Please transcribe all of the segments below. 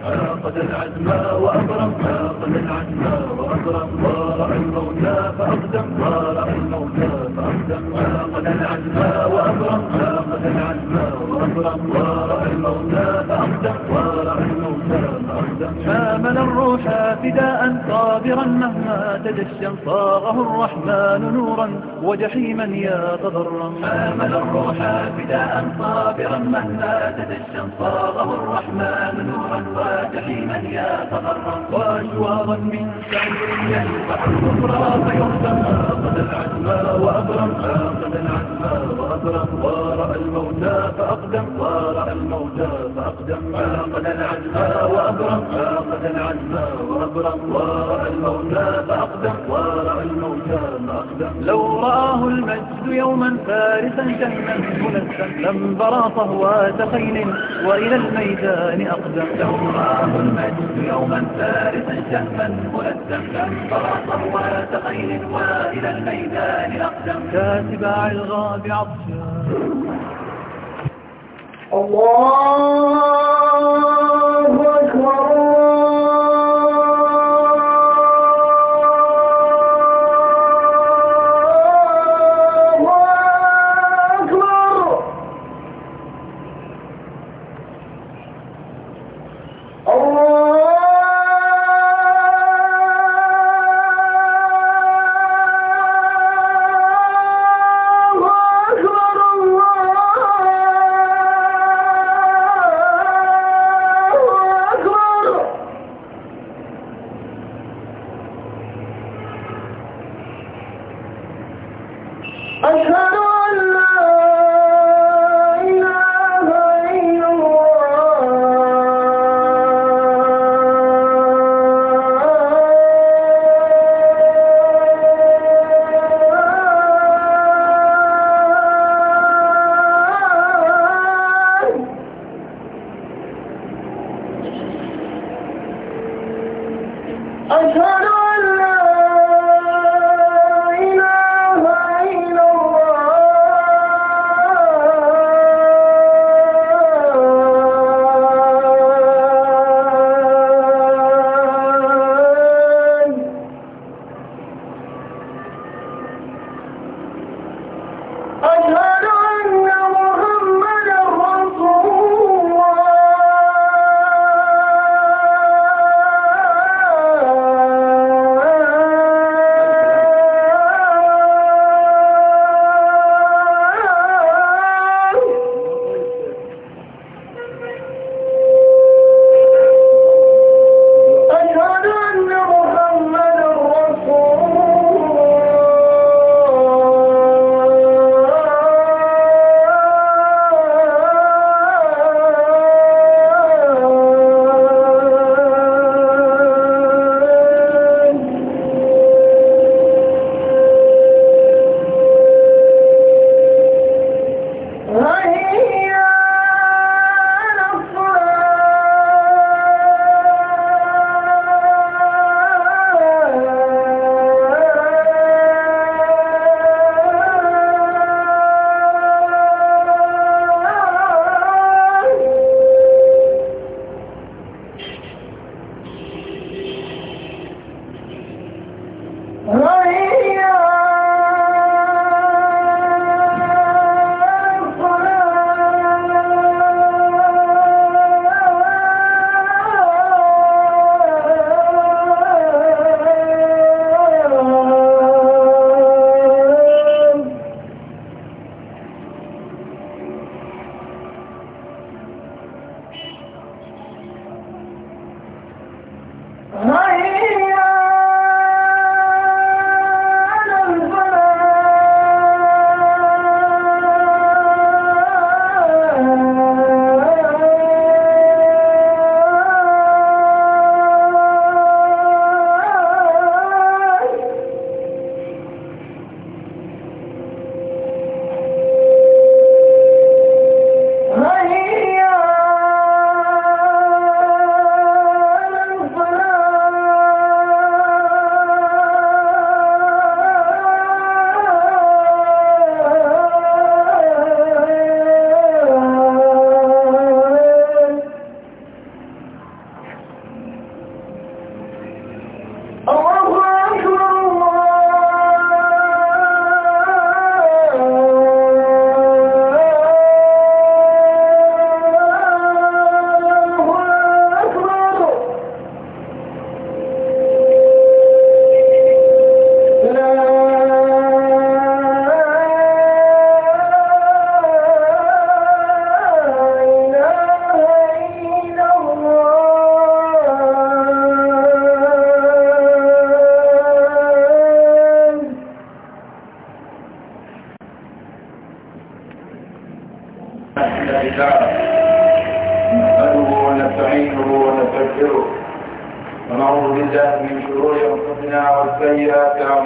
أخذ العزم وأبرمنا أخذ العزم وأبرمنا رأى الموتى فأقدمنا رأى الموتى فأقدمنا أخذ العزم وأبرمنا أخذ العزم وأبرمنا رأى الموتى فأقدمنا رأى حامل الروح فداء صابرا مهما تدشن صاغه الرحمن نورا وجحيما يتضرم حامل الروح فداء صابرا مهما تدشن صاغه الرحمن نورا وجحيما يتضرم واشواظا من سعير يلفح الكفر فيهزم قد العزم وابرم قد العزم وابرم ورأى الموتى فأقدم ورأى الموتى فأقدم قد العزم وأبرم ناقة عزمى وأبرق ورع المولى فأقدم ورع الموتى فأقدم لو رآه المجد يوما فارسا شهما منسا لم برى صهوات خيل وإلى الميدان أقدم لو رآه المجد يوما فارسا شهما منسا لم برى صهوات خيل وإلى الميدان أقدم كاتباع الغاب عطشان الله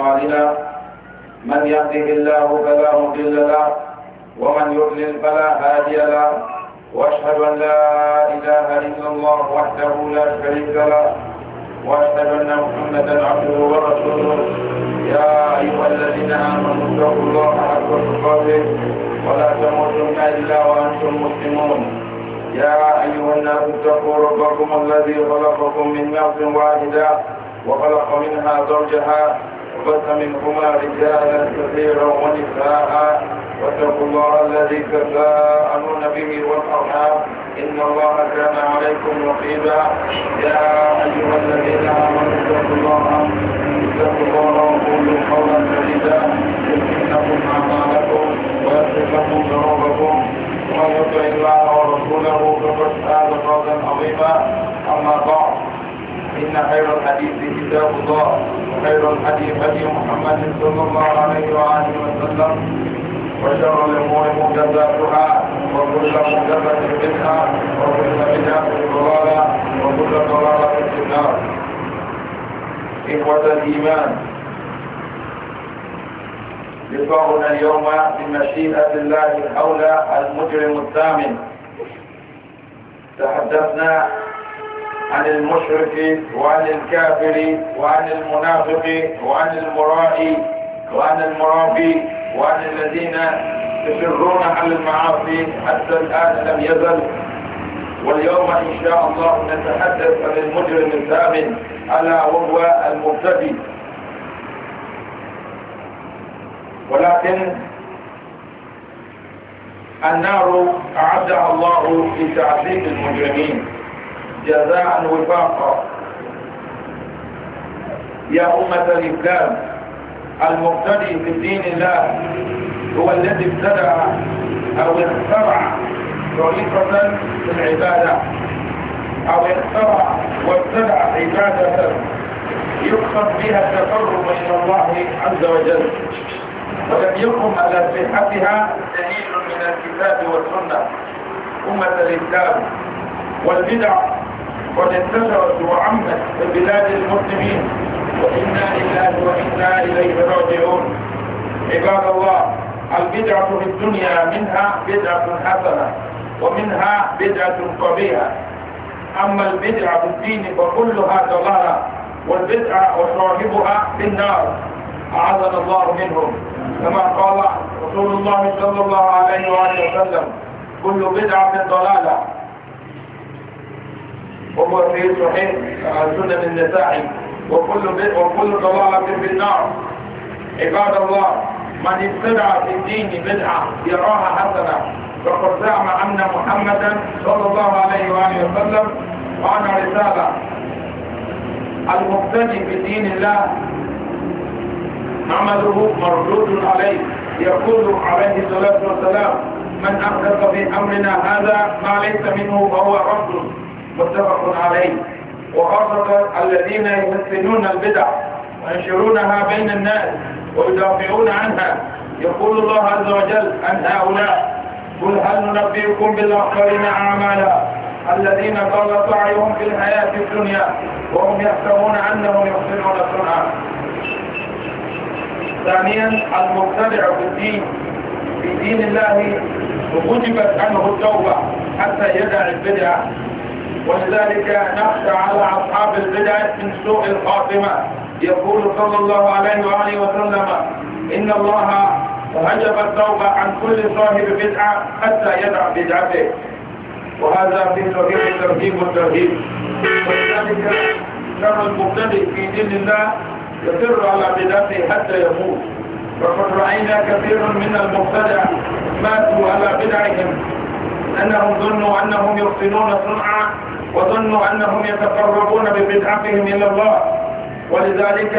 أعمالنا من يهده الله فلا مضل له ومن يضلل فلا هادي له واشهد أن لا إله إلا الله وحده لا شريك له واشهد أن محمدا عبده ورسوله يا أيها الذين آمنوا اتقوا الله حق تقاته ولا تموتن إلا وأنتم مسلمون يا أيها الناس اتقوا ربكم الذي خلقكم من نفس واحدة وخلق منها زوجها وبث منهما رجالا كثيرا ونساء واتقوا الله الذي تساءلون به والارحام ان الله كان عليكم رقيبا يا ايها الذين امنوا اتقوا الله اتقوا الله وقولوا قولا سديدا يغفر اعمالكم ويسكنكم ذنوبكم ومن يطع الله ورسوله فقد فاز فوزا عظيما اما بعد إن خير الحديث كتاب الله وخير الحديث هدي محمد صلى الله عليه وآله وسلم وشر الأمور محدثاتها وكل محدثة بدعة وكل بدعة ضلالة وكل ضلالة في النار إخوة الإيمان لقاؤنا اليوم بمشيئة الله حول المجرم الثامن تحدثنا عن المشرك وعن الكافر وعن المنافق وعن المرائي وعن المرابي وعن الذين يسرون على المعاصي حتى الآن لم يزل واليوم إن شاء الله نتحدث عن المجرم الثامن ألا وهو المرتدي ولكن النار أعدها الله لتعذيب المجرمين جزاء وفاقا يا أمة الإسلام المقتدي في دين الله هو الذي ابتدع أو اخترع طريقة في العبادة أو اخترع وابتدع عبادة يقصد بها التقرب إلى الله عز وجل ولم يقم على صحتها دليل من الكتاب والسنة أمة الإسلام والبدع قد انتشرت وعمت في بلاد المسلمين وإنا لله وإنا إليه راجعون عباد الله البدعة في الدنيا منها بدعة حسنة ومنها بدعة قبيحة أما البدعة في الدين فكلها ضلالة والبدعة وصاحبها في النار أعاذنا الله منهم كما قال رسول الله صلى الله عليه وآله وسلم كل بدعة ضلالة وهو في صحيح سنة النسائي وكل وكل ضلالة في النار عباد الله من ابتدع في الدين بدعة يراها حسنة فقد زعم أن محمدا صلى الله عليه وآله وسلم وعن رسالة المبتدئ في دين الله عمله مردود عليه يقول عليه الصلاة والسلام من أحدث في أمرنا هذا ما ليس منه فهو رد متفق عليه وخاصة الذين يمثلون البدع وينشرونها بين الناس ويدافعون عنها يقول الله عز وجل عن هؤلاء قل هل ننبئكم بالأخرين أعمالا الذين ضل سعيهم في الحياة الدنيا وهم يحسبون أنهم يحسنون صنعا ثانيا المبتدع في الدين في دين الله وجبت عنه التوبة حتى يدع البدعة ولذلك نخشى على أصحاب البدع من سوء الخاتمة يقول صلى الله عليه وآله وسلم إن الله وهجب التوبة عن كل صاحب بدعة حتى يدع بدعته وهذا في صحيح الترتيب والترهيب ولذلك كان المبتدئ في دين الله يصر على بدعته حتى يموت وقد رأينا كثير من المبتدع ماتوا على بدعهم أنهم ظنوا أنهم يحسنون صنعا وظنوا أنهم يتقربون ببدعتهم إلى الله ولذلك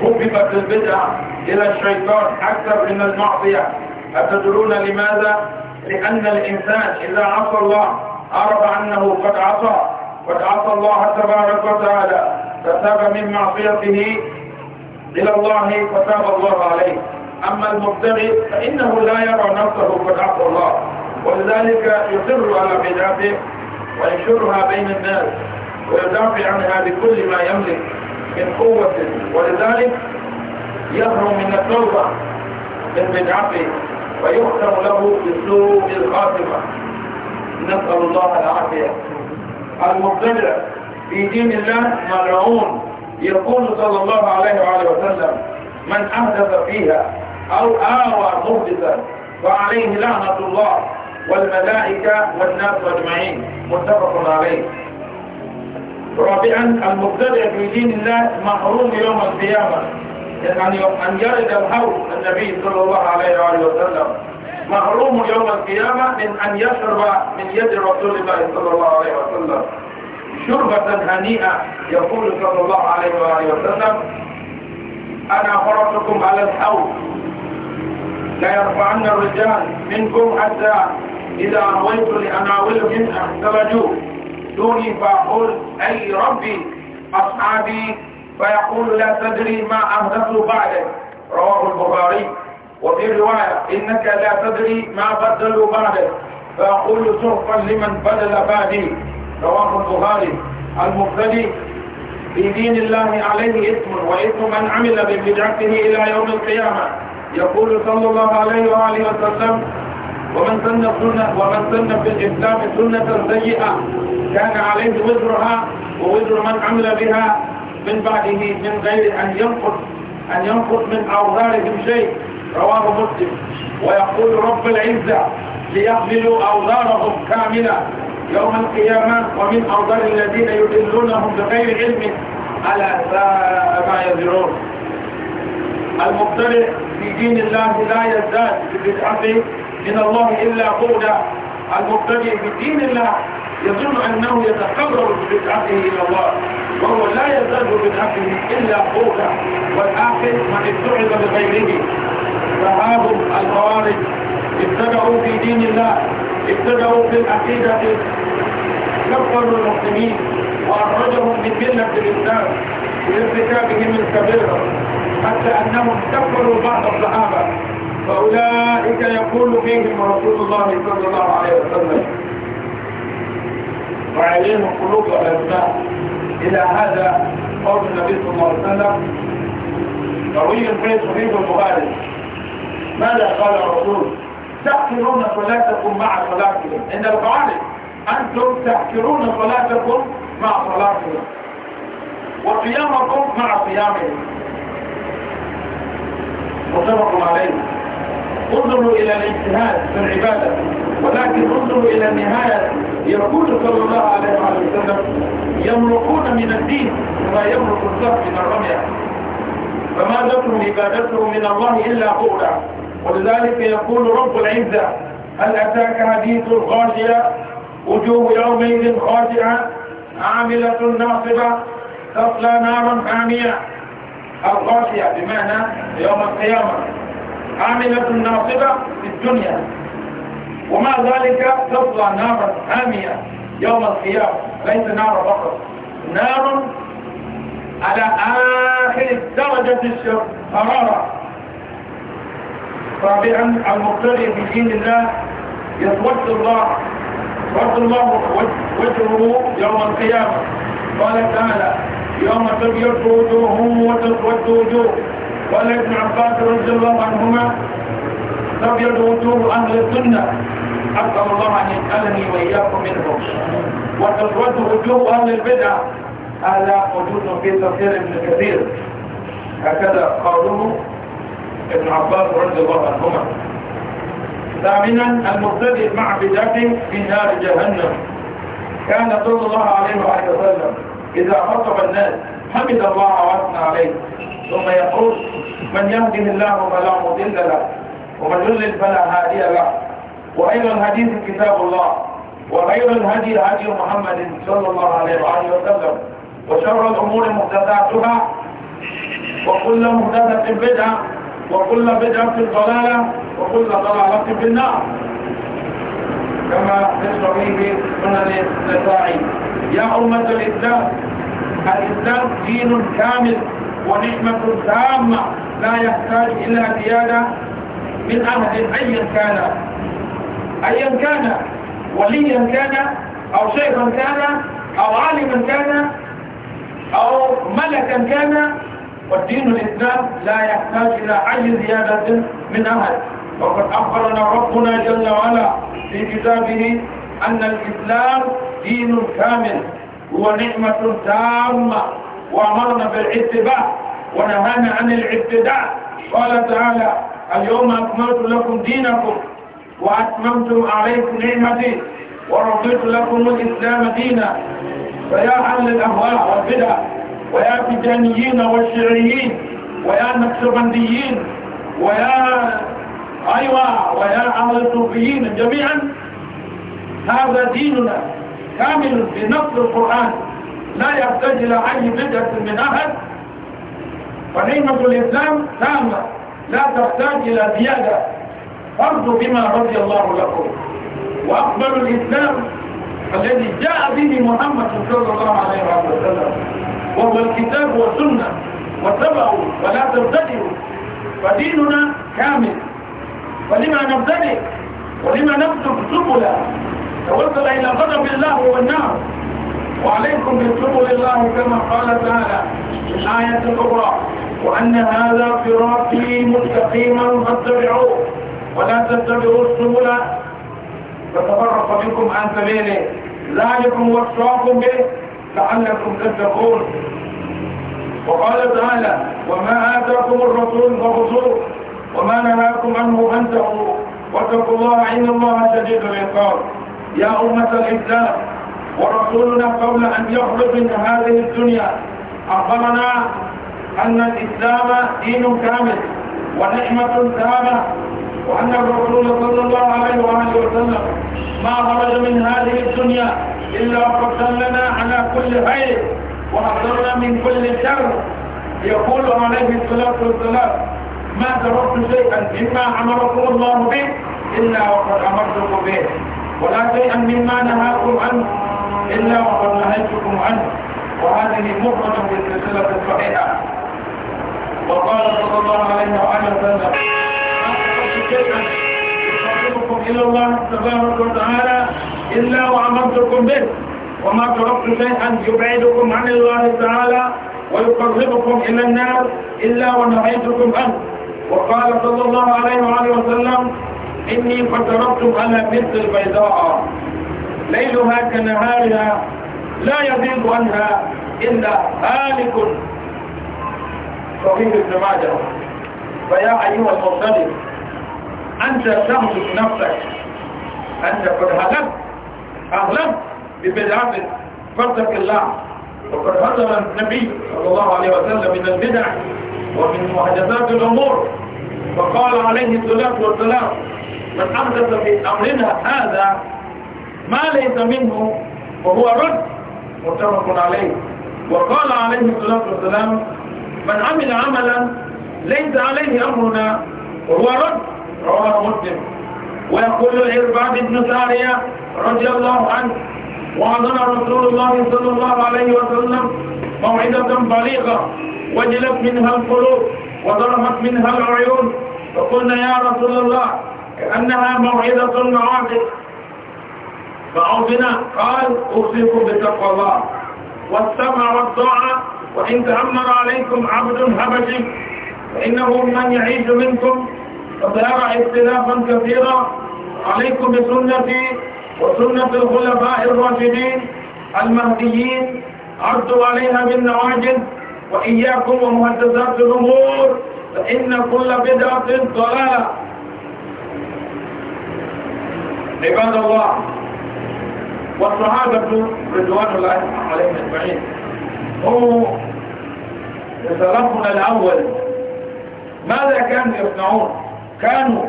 كببت البدعة إلى الشيطان أكثر من المعصية أتدرون لماذا؟ لأن الإنسان إذا عصى الله عرف أنه قد عصى قد عصى الله تبارك وتعالى فتاب من معصيته إلى الله فتاب الله عليه أما المبتغي فإنه لا يرى نفسه قد عصى الله ولذلك يصر على بدعته وينشرها بين الناس ويدافع عنها بكل ما يملك من قوة ولذلك يهرم من التوبة من بدعته ويختم له بسوء الخاتمة نسأل الله العافية المبتدع في دين الله ملعون يقول صلى الله عليه وآله وسلم من أحدث فيها أو آوى مهدثا فعليه لعنة الله والملائكة والناس أجمعين متفق عليه رابعا المبتدع في دين الله محروم يوم القيامة يعني أن يرد الحوض النبي صلى الله عليه وآله وسلم محروم يوم القيامة من أن يشرب من يد رسول الله صلى الله عليه وسلم شربة هنيئة يقول صلى الله عليه وآله وسلم أنا فرطكم على الحوض لا يرفعن الرجال منكم حتى إذا رويت لأناولهم اختلجوا دوني فأقول أي ربي أصحابي فيقول لا تدري ما أهدف بعدك رواه البخاري وفي رواية إنك لا تدري ما بدلوا بعدك فأقول سرقا لمن بدل بعدي رواه البخاري المبتدي في دين الله عليه إثم وإثم من عمل ببدعته إلى يوم القيامة يقول صلى الله عليه وآله وسلم ومن سن سنة ومن سن في الإسلام سنة سيئة كان عليه وزرها ووزر من عمل بها من بعده من غير أن ينقص أن ينقص من أوزارهم شيء رواه مسلم ويقول رب العزة ليحملوا أوزارهم كاملة يوم القيامة ومن أوزار الذين يدلونهم بغير علم على ساء ما يزرون المقترح في دين الله لا يزداد بدعته من الله إلا قولا المبتدئ بدين الله يظن أنه يتقرر بدعته إلى الله وهو لا يزال بدعته إلا قولا والآخر من ابتعد بغيره فهذا الخوارج ابتدعوا في دين الله ابتدعوا في العقيدة كفروا المسلمين وأخرجهم من ملة الإسلام لارتكابهم الكبيرة حتى أنهم كفروا بعض الصحابة فأولئك يقول فيهم رسول الله صلى الله عليه وسلم وعليهم قلوب الأبناء إلى هذا قول النبي صلى الله عليه وسلم روي البيت حبيب البخاري ماذا قال الرسول تحكرون صلاتكم مع صلاتكم إن القعالي أنتم تحكرون صلاتكم مع صلاتكم وقيامكم مع قيامهم انظروا إلى الاجتهاد في العبادة ولكن انظروا إلى النهاية يقول صلى الله عليه وسلم يمرقون من الدين ما يمرق الزهر من الرمية فما لكم عبادته من الله إلا قولا ولذلك يقول رب العزة هل أتاك حديث غاشية وجوه يومئذ خاشعة عاملة ناصبة تصلى نارا حامية الغاشية بمعنى يوم القيامة عاملة ناصبة في الدنيا ومع ذلك تصلى نارا حامية يوم القيامة ليس نارا فقط نار على آخر درجة الحرارة رابعا المقتدي في دين الله يتوجه الله يتوجه الله وجهه يوم القيامة قال تعالى يوم تبيض وجوههم وتسود وجوه قال ابن عباس رضي الله عنهما أبيض وجوه أهل السنة أسأل الله أن يجعلني وإياكم منهم وتسود وجوه أهل البدع ألا وجود في تفسير ابن كثير هكذا قوله ابن عباس رضي الله عنهما ثامنا المبتدئ مع بدعته في نار جهنم كان صلى الله عليه وآله وسلم إذا خطب الناس حمد الله وأثنى عليه ثم يقول من يهده الله فلا مضل له ومن يضلل فلا هادي له وخير الحديث كتاب الله وخير الهدي هدي محمد صلى الله عليه وآله وسلم وشر الأمور محدثاتها وكل محدثة بدعة وكل بدعة ضلالة وكل ضلالة في النار كما في الصحيح سنن النسائي يا أمة الإسلام الإسلام دين كامل ونعمة تامة لا يحتاج إلى زيادة من أهل أيا كان أيا كان وليا كان أو شيخا كان أو عالما كان أو ملكا كان والدين الإسلام لا يحتاج إلى أي زيادة من أهل وقد أخبرنا ربنا جل وعلا في كتابه أن الإسلام دين كامل ونعمة تامة وأمرنا بالاتباع ونهانا عن الابتداع قال تعالى اليوم أكملت لكم دينكم وأتممت عليكم نعمتي ورضيت لكم الإسلام دينا فيا أهل الأهواء والبدع ويا تجانيين والشعريين ويا نكسبنديين ويا أيوة ويا أهل الصوفيين جميعا هذا ديننا كامل بنص القرآن لا يحتاج إلى أي بدعة من أحد ونعمة الإسلام تامة لا تحتاج إلى زيادة فرضوا بما رضي الله لكم وأقبلوا الإسلام الذي جاء به محمد صلى الله عليه وسلم وهو الكتاب والسنة واتبعوا ولا تبتدئوا فديننا كامل ولما نبتدئ ولما نبتدئ سبلا توصل إلى غضب الله والنار وعليكم بالسبل الله كما قال تعالى في الآية الأخرى وأن هذا صراطي مستقيما فاتبعوه ولا تتبعوا السبل فتفرق بكم عن سبيله ذلكم وصاكم به لعلكم تتقون وقال تعالى وما آتاكم الرسول فخذوه وما نهاكم عنه فانتهوا واتقوا الله إن الله شديد العقاب يا أمة الإسلام ورسولنا قبل أن يخرج من هذه الدنيا أخبرنا أن الإسلام دين كامل ونعمة تامة وأن الرسول صلى الله عليه وآله وسلم ما خرج من هذه الدنيا إلا وقد دلنا على كل خير وحذرنا من كل شر يقول عليه الصلاة والسلام ما تركت شيئا مما أمركم الله به إلا وقد أمرتكم به ولا شيئا مما نهاكم عنه إلا وقد نهيتكم عنه وهذه في السلسلة الصحيحة وقال صلى الله عليه وآله وسلم أخذت شيئا يقربكم إلى الله تبارك وتعالى إلا وأمرتكم به وما تركت شيئا يبعدكم عن الله تعالى ويقربكم إلى النار إلا ونهيتكم عنه وقال صلى الله عليه وآله وسلم إني فتركتم على مثل البيضاء ليلها كنهارها لا يضيق عنها إلا هالك صحيح ابن ماجه فيا أيها المرسل أنت تهلك نفسك أنت قد هلكت أهلكت ببدعة فاتق الله وقد هزم النبي صلى الله عليه وسلم من البدع ومن محدثات الأمور فقال عليه الصلاة والسلام من أحدث في أمرنا هذا ما ليس منه وهو رد متفق عليه وقال عليه الصلاة والسلام من عمل عملا ليس عليه أمرنا وهو رد رواه مسلم ويقول العرباد بن سارية رضي الله عنه وعظنا رسول الله صلى الله عليه وسلم موعظة بليغة وجلت منها القلوب وضرمت منها العيون فقلنا يا رسول الله كأنها موعظة المعاقب فعوضنا قال أوصيكم بتقوى الله والسمع والطاعة وإن تأمر عليكم عبد هبشي فإنه من يعيش منكم فسيرى اختلافا كثيرا عليكم بسنتي وسنة الخلفاء الراشدين المهديين عرضوا عليها بالنواجد وإياكم ومهدسات الأمور فإن كل بدعة ضلالة عباد الله والصحابة رضوان الله عليهم أجمعين هو سلفنا الأول ماذا كانوا يصنعون كانوا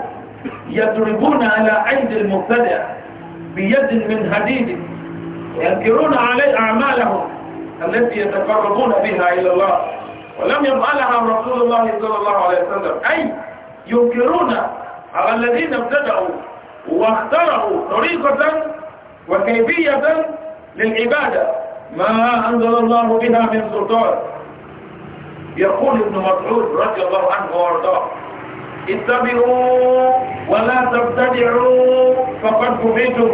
يضربون على أيدي المبتدع بيد من حديد ينكرون عليه أعمالهم التي يتقربون بها إلى الله ولم يفعلها رسول الله صلى الله عليه وسلم أي ينكرون على الذين ابتدعوا واخترعوا طريقة وكيفية للعبادة ما أنزل الله بها من سلطان يقول ابن مسعود رضي الله عنه وارضاه اتبعوا ولا تبتدعوا فقد كفيتم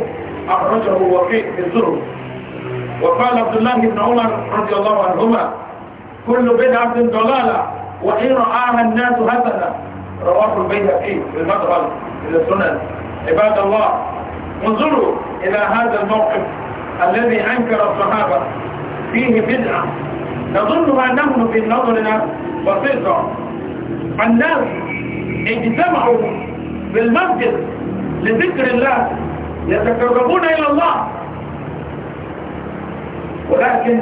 أخرجه وفيق في الزهد وقال عبد الله بن عمر رضي الله عنهما كل بدعة ضلالة وإن رآها الناس حسنة رواه البيهقي في المدخل إلى السنن عباد الله انظروا إلى هذا الموقف الذي أنكر الصحابة فيه بدعة نظنها نحن في نظرنا بسيطة الناس اجتمعوا في المسجد لذكر الله يتقربون إلى الله ولكن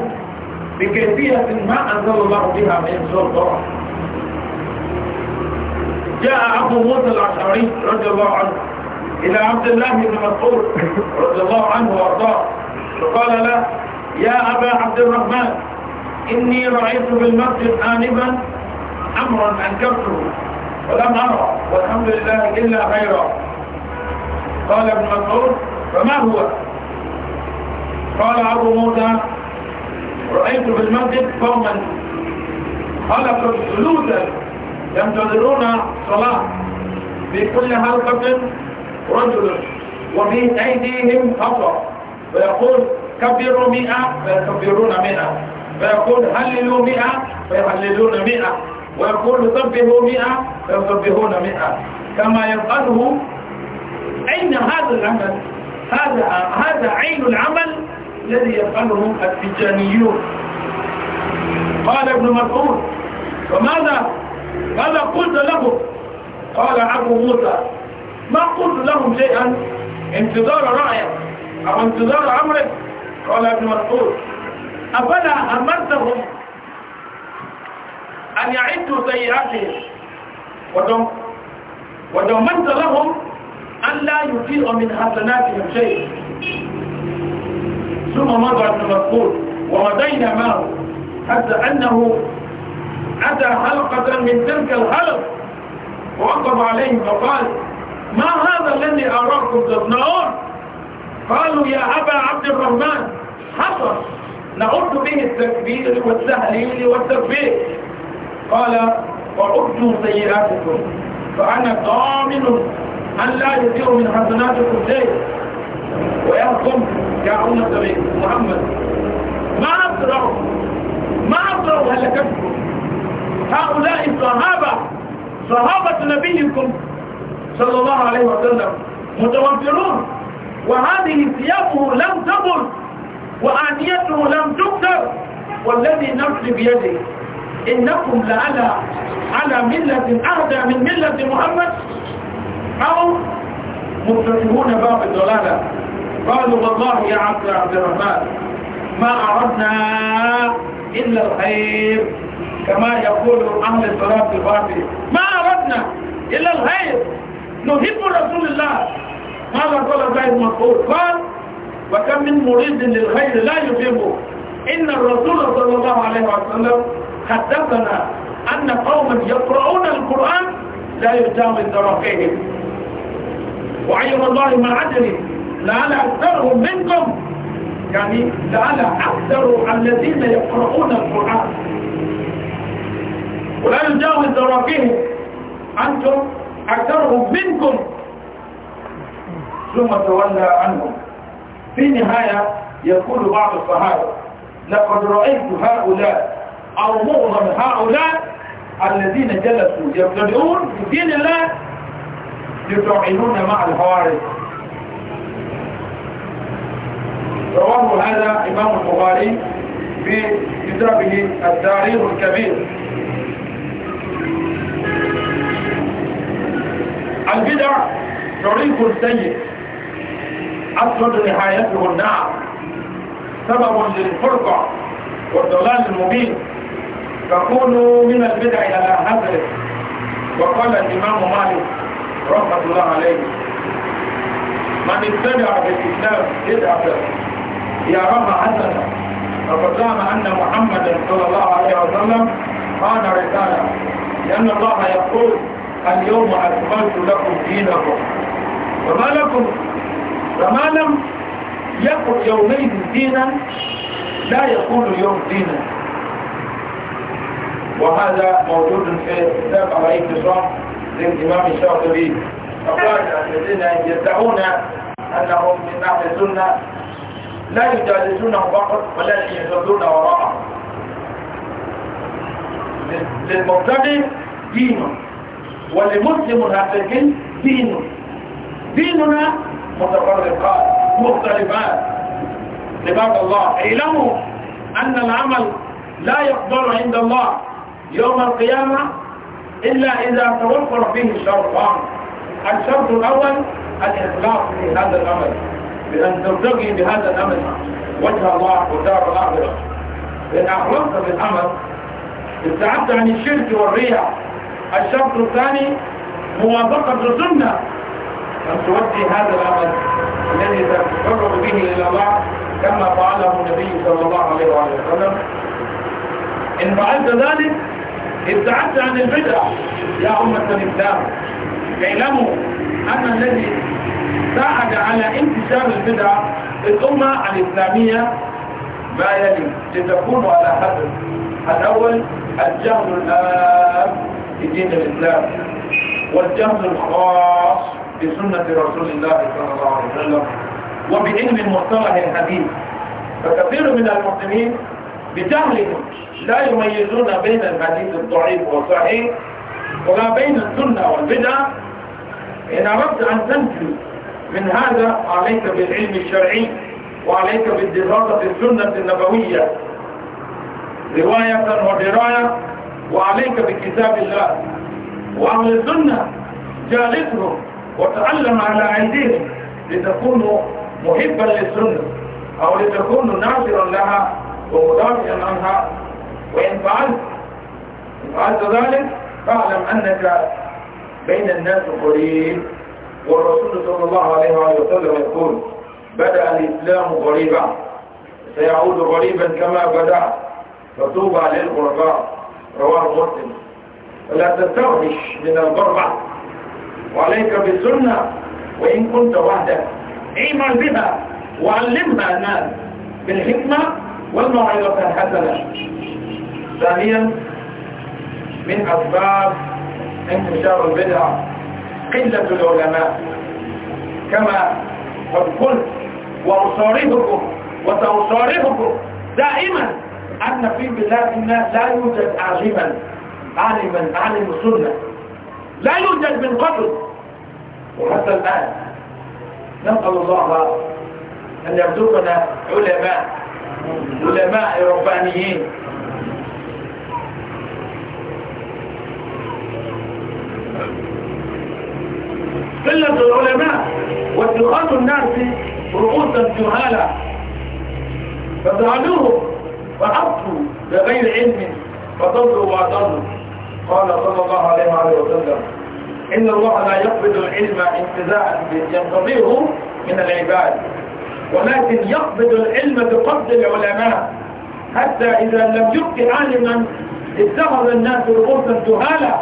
بكيفية ما أنزل الله بها من سلطة جاء أبو موسى الاشعري رضي الله عنه إلى عبد الله بن مسعود رضي الله عنه وارضاه فقال له يا أبا عبد الرحمن إني رأيت بالمسجد آنبا أمرا أنكرته ولم أرى والحمد لله إلا خيرا قال ابن مسعود فما هو قال أبو موسى رأيت بالمسجد قوما خلقوا جلودا ينتظرون صلاة في كل حلقة رجل وفي أيديهم خطأ فيقول كبروا مئة فيكبرون مئة فيقول هللوا مئة فيهللون مئة ويقول سبحوا مئة فيسبحون مئة كما يسأله أين هذا العمل هذا هذا عين العمل الذي يفعله التجانيون قال ابن مسعود فماذا ماذا قلت له قال أبو موسى ما قلت لهم شيئا انتظار رأيك أو انتظار أمرك قال ابن مسعود أفلا أمرتهم أن يعدوا سيئاتهم ودم ودمنت لهم أن لا يطيع من حسناتهم شيء ثم مضى ابن مسعود ومضينا معه حتى أنه أتى حلقة من تلك الحلق ووقف عليهم فقال ما هذا الذي أراكم تصنعون قالوا يا أبا عبد الرحمن حصل نعد به التكبير والتهليل والتكبير قال وعدوا سيئاتكم فأنا ضامن أن لا يزير من حسناتكم شيء ويحكم يا أمة محمد ما أسرعوا ما أسرعوا هلكتكم هؤلاء الصحابة صحابة نبيكم صلى الله عليه وسلم متوفرون وهذه ثيابه لم تبر وآنيته لم تكسر والذي نفس بيده إنكم لعلى على ملة أهدى من ملة محمد أو مفتحون باب الضلالة قالوا والله يا عبد عبد الرحمن ما أردنا إلا الخير كما يقول أهل الصلاة الباطل ما أردنا إلا الخير يحب رسول الله ماذا قال الله المقول قال وكم من مريد للخير لا يحبه إن الرسول صلى الله عليه وسلم حدثنا أن قوما يقرؤون القرآن لا يجاوز طرفيهم وعير الله ما أدري لعل أكثرهم منكم يعني لعل أكثر الذين يقرؤون القرآن ولا يجاوز طرفيهم أنتم أكثرهم منكم ثم تولى عنهم في نهاية يقول بعض الصحابة لقد رأيت هؤلاء أو معظم هؤلاء الذين جلسوا يبتدئون في دين الله يتعينون مع الخوارج رواه هذا إمام البخاري في كتابه التاريخ الكبير البدع طريق سيء أسود نهايته النار سبب للفرقة والضلال المبين فكونوا من البدع إلى هذا وقال الإمام مالك رحمة الله عليه من ابتدع بالإسلام بدعة يراها حسنة فقد زعم أن محمدا صلى الله عليه وسلم قال رسالة لأن الله يقول اليوم أكملت لكم دينكم فما لكم فما لم يكن يومين دينا لا يكون اليوم دينا وهذا موجود في كتاب عليه الصلاة للإمام الشاطبي فقال الذين يدعون أنهم من أهل السنة لا يجالسونه فقط ولكن يجلسون وراءه للمبتدئ دينه ولمسلم حقيقي دينه ديننا متفرقات مختلفات عباد الله اعلموا أن العمل لا يقبل عند الله يوم القيامة إلا إذا توفر فيه شرطان الشرط الأول الإخلاص في هذا العمل بأن ترتقي بهذا الأمل وجه الله ودار الآخرة إن أخلصت بالعمل ابتعدت عن الشرك والرياء الشرط الثاني موافقة السنة أن تؤدي هذا العمل الذي تتقرب به إلى الله كما فعله النبي صلى الله عليه وآله وسلم إن فعلت ذلك ابتعدت عن البدعة يا أمة الإسلام اعلموا أن الذي ساعد على انتشار البدعة الأمة الإسلامية ما يلي لتكون على حسب الأول الجهل الآن بدين الإسلام والجهل الخاص بسنة رسول الله صلى الله عليه وسلم وبعلم مصطلح الحديث فكثير من المسلمين بجهلهم لا يميزون بين الحديث الضعيف والصحيح ولا بين السنة والبدع إن أردت أن تنجو من هذا عليك بالعلم الشرعي وعليك بالدراسة السنة النبوية رواية ودراية وعليك بكتاب الله وأهل السنة جالسهم وتعلم على أيديهم لتكونوا محبا للسنة أو لتكونوا ناصرا لها ومدافعا عنها وإن فعلت إن فعلت ذلك فاعلم أنك بين الناس قريب والرسول صلى الله عليه وسلم يقول بدأ الإسلام غريبا سيعود غريبا كما بدأ فطوبى للغرباء رواه مسلم لا تستوحش من الغربة وعليك بالسنة وإن كنت وحدك اعمل بها وعلمها الناس بالحكمة والموعظة الحسنة ثانيا من أسباب انتشار البدع قلة العلماء كما قد قلت وأصارفكم وسأصارفكم دائما أن في بلادنا لا يوجد عالما عالما عالم السنة لا يوجد من قبل وحتى الآن نسأل الله أن يرزقنا علماء علماء ربانيين قلة العلماء واتخاذ الناس رؤوسا جهالا فادعلوهم فعبتوا بغير علم فضلوا وأضلوا قال صلى الله عليه وسلم إن الله لا يقبض العلم انتزاعا ينتظره من العباد ولكن يقبض العلم بقبض العلماء حتى إذا لم يبق عالما اتخذ الناس رؤوسا تهالا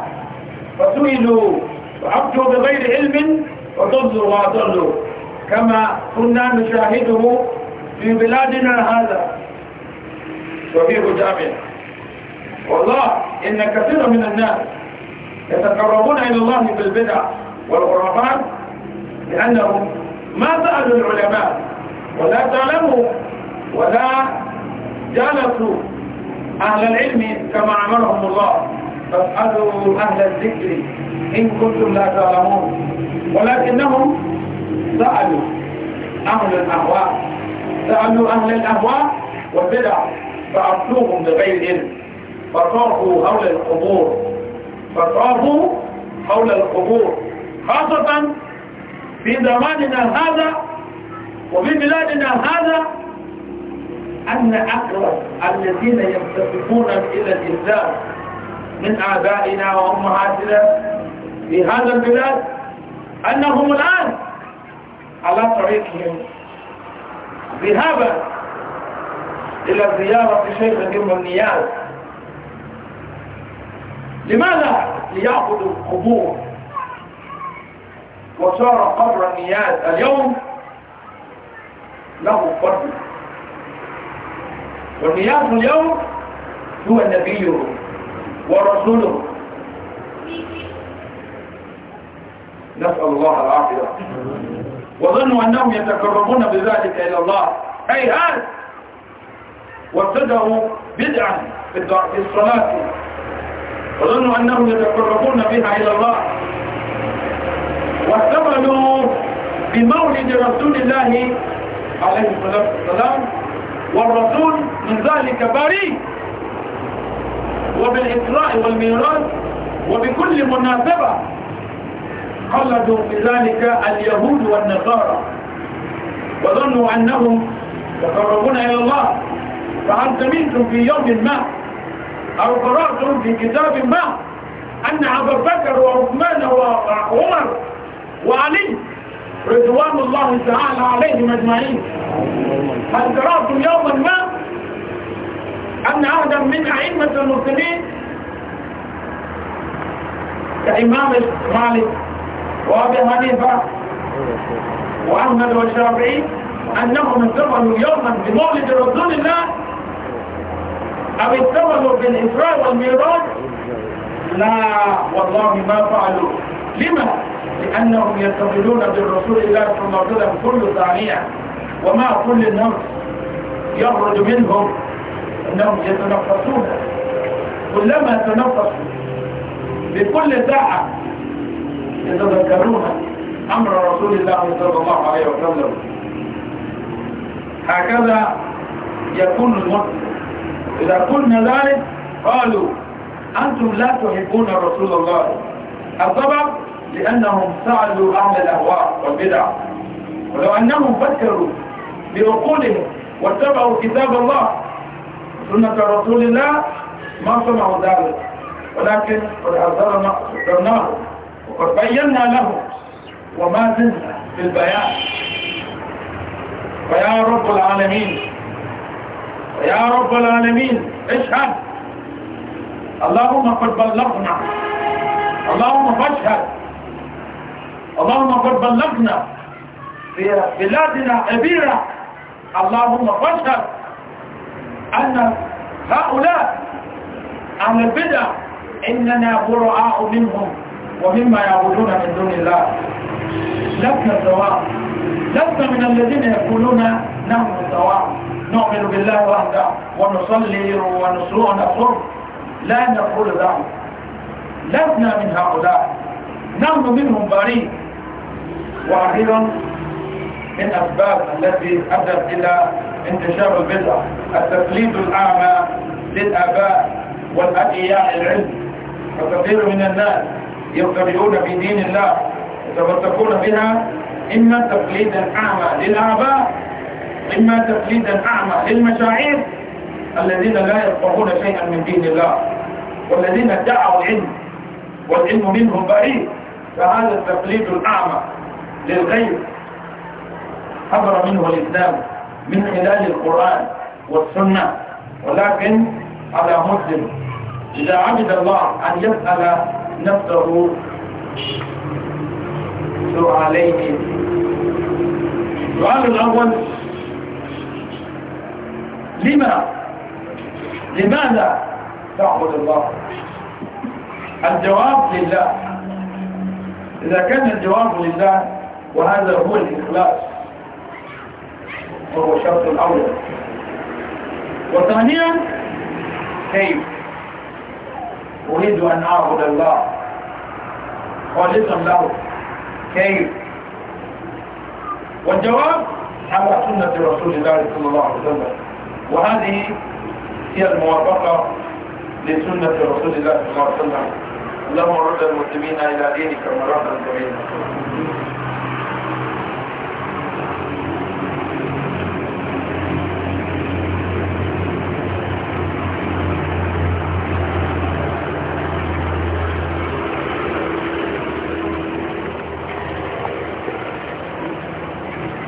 فسئلوا وعبدوا بغير علم وضلوا وأضلوا كما كنا نشاهده في بلادنا هذا وفي حجابه والله إن كثير من الناس يتقربون إلى الله بالبدع والغرفات لأنهم ما سألوا العلماء ولا تعلموا ولا جالسوا أهل العلم كما أمرهم الله فاسألوا أهل الذكر إن كنتم لا تعلمون ولكنهم سألوا أهل الأهواء سألوا أهل الأهواء والبدع فأطلوهم بغير فطافوا حول القبور فطافوا حول القبور خاصة في زماننا هذا وفي بلادنا هذا أن أقرب الذين ينتسبون إلى الإنسان من آبائنا وأمهاتنا في هذا البلاد أنهم الآن على طريقهم ذهابا إلى زيارة شيخ ابن نياز لماذا؟ ليعبد القبور وصار قبر النيال اليوم له قبر والنيال اليوم هو نبيه ورسوله نسأل الله العافية وظنوا أنهم يتقربون بذلك إلى الله أي هذا وابتدعوا بدعا في الصلاة وظنوا أنهم يتقربون بها إلى الله واحتفلوا بمولد رسول الله عليه الصلاة والسلام والرسول من ذلك بريء وبالإسراء والميراث وبكل مناسبة قلدوا بذلك اليهود والنصارى وظنوا أنهم يقربون إلى الله منكم في يوم ما أو قرأتم في كتاب ما أن أبا بكر وعثمان وعمر وعلي رضوان الله تعالى عليهم أجمعين هل قرأتم يوما ما أن أحدا من أئمة المسلمين كإمام مالك وأبي حنيفة وأحمد والشافعي أنهم انتظروا يوما بمولد رسول الله أو اتصلوا بالإسراء والميراج لا والله ما فعلوا لما؟ لأنهم يتصلون بالرسول الله صلى الله عليه وسلم كل ثانية وما كل نفس يخرج منهم أنهم يتنفسون كلما تنفسوا بكل ساعة يتذكرون أمر رسول الله صلى الله عليه وسلم هكذا يكون المسلم إذا قلنا ذلك قالوا أنتم لا تحبون رسول الله السبب لأنهم سألوا أهل الأهواء والبدع ولو أنهم فكروا بعقولهم واتبعوا كتاب الله سنة رسول الله ما سمعوا ذلك ولكن قد أعذرنا أعذرناه وقد بينا له وما زلنا في البيان فيا رب العالمين يا رب العالمين اشهد اللهم قد بلغنا اللهم فاشهد اللهم قد بلغنا في بلادنا كبيرة اللهم فاشهد أن هؤلاء عن البدع إننا براء منهم ومما يعبدون من دون الله لسنا سواء لسنا من الذين يقولون نحن سواء نؤمن بالله وحده ونصلي ونصوم ونصوم لا نقول ذلك لسنا من هؤلاء نحن منهم بريء وأخيرا من أسباب التي أدت إلى انتشار البدع التقليد الأعمى للآباء والاتياء العلم فكثير من الناس يبتدئون في دين الله يتمسكون بها إما تقليدا أعمى للآباء إما تقليدا أعمى للمشاعير الذين لا يفقهون شيئا من دين الله والذين ادعوا العلم والعلم منهم بريء فهذا التقليد الأعمى للغير حضر منه الإسلام من خلال القرآن والسنة ولكن على مسلم إذا عبد الله أن يسأل نفسه سؤالين السؤال الأول لما لماذا تعبد الله الجواب لله إذا كان الجواب لله وهذا هو الإخلاص وهو شرط الأول وثانيا كيف أريد أن أعبد الله خالصا له كيف والجواب على سنة رسول الله صلى الله عليه وسلم وهذه هي الموافقة لسنة رسول الله صلى الله عليه وسلم اللهم رد المسلمين إلى دينك مرة جميلة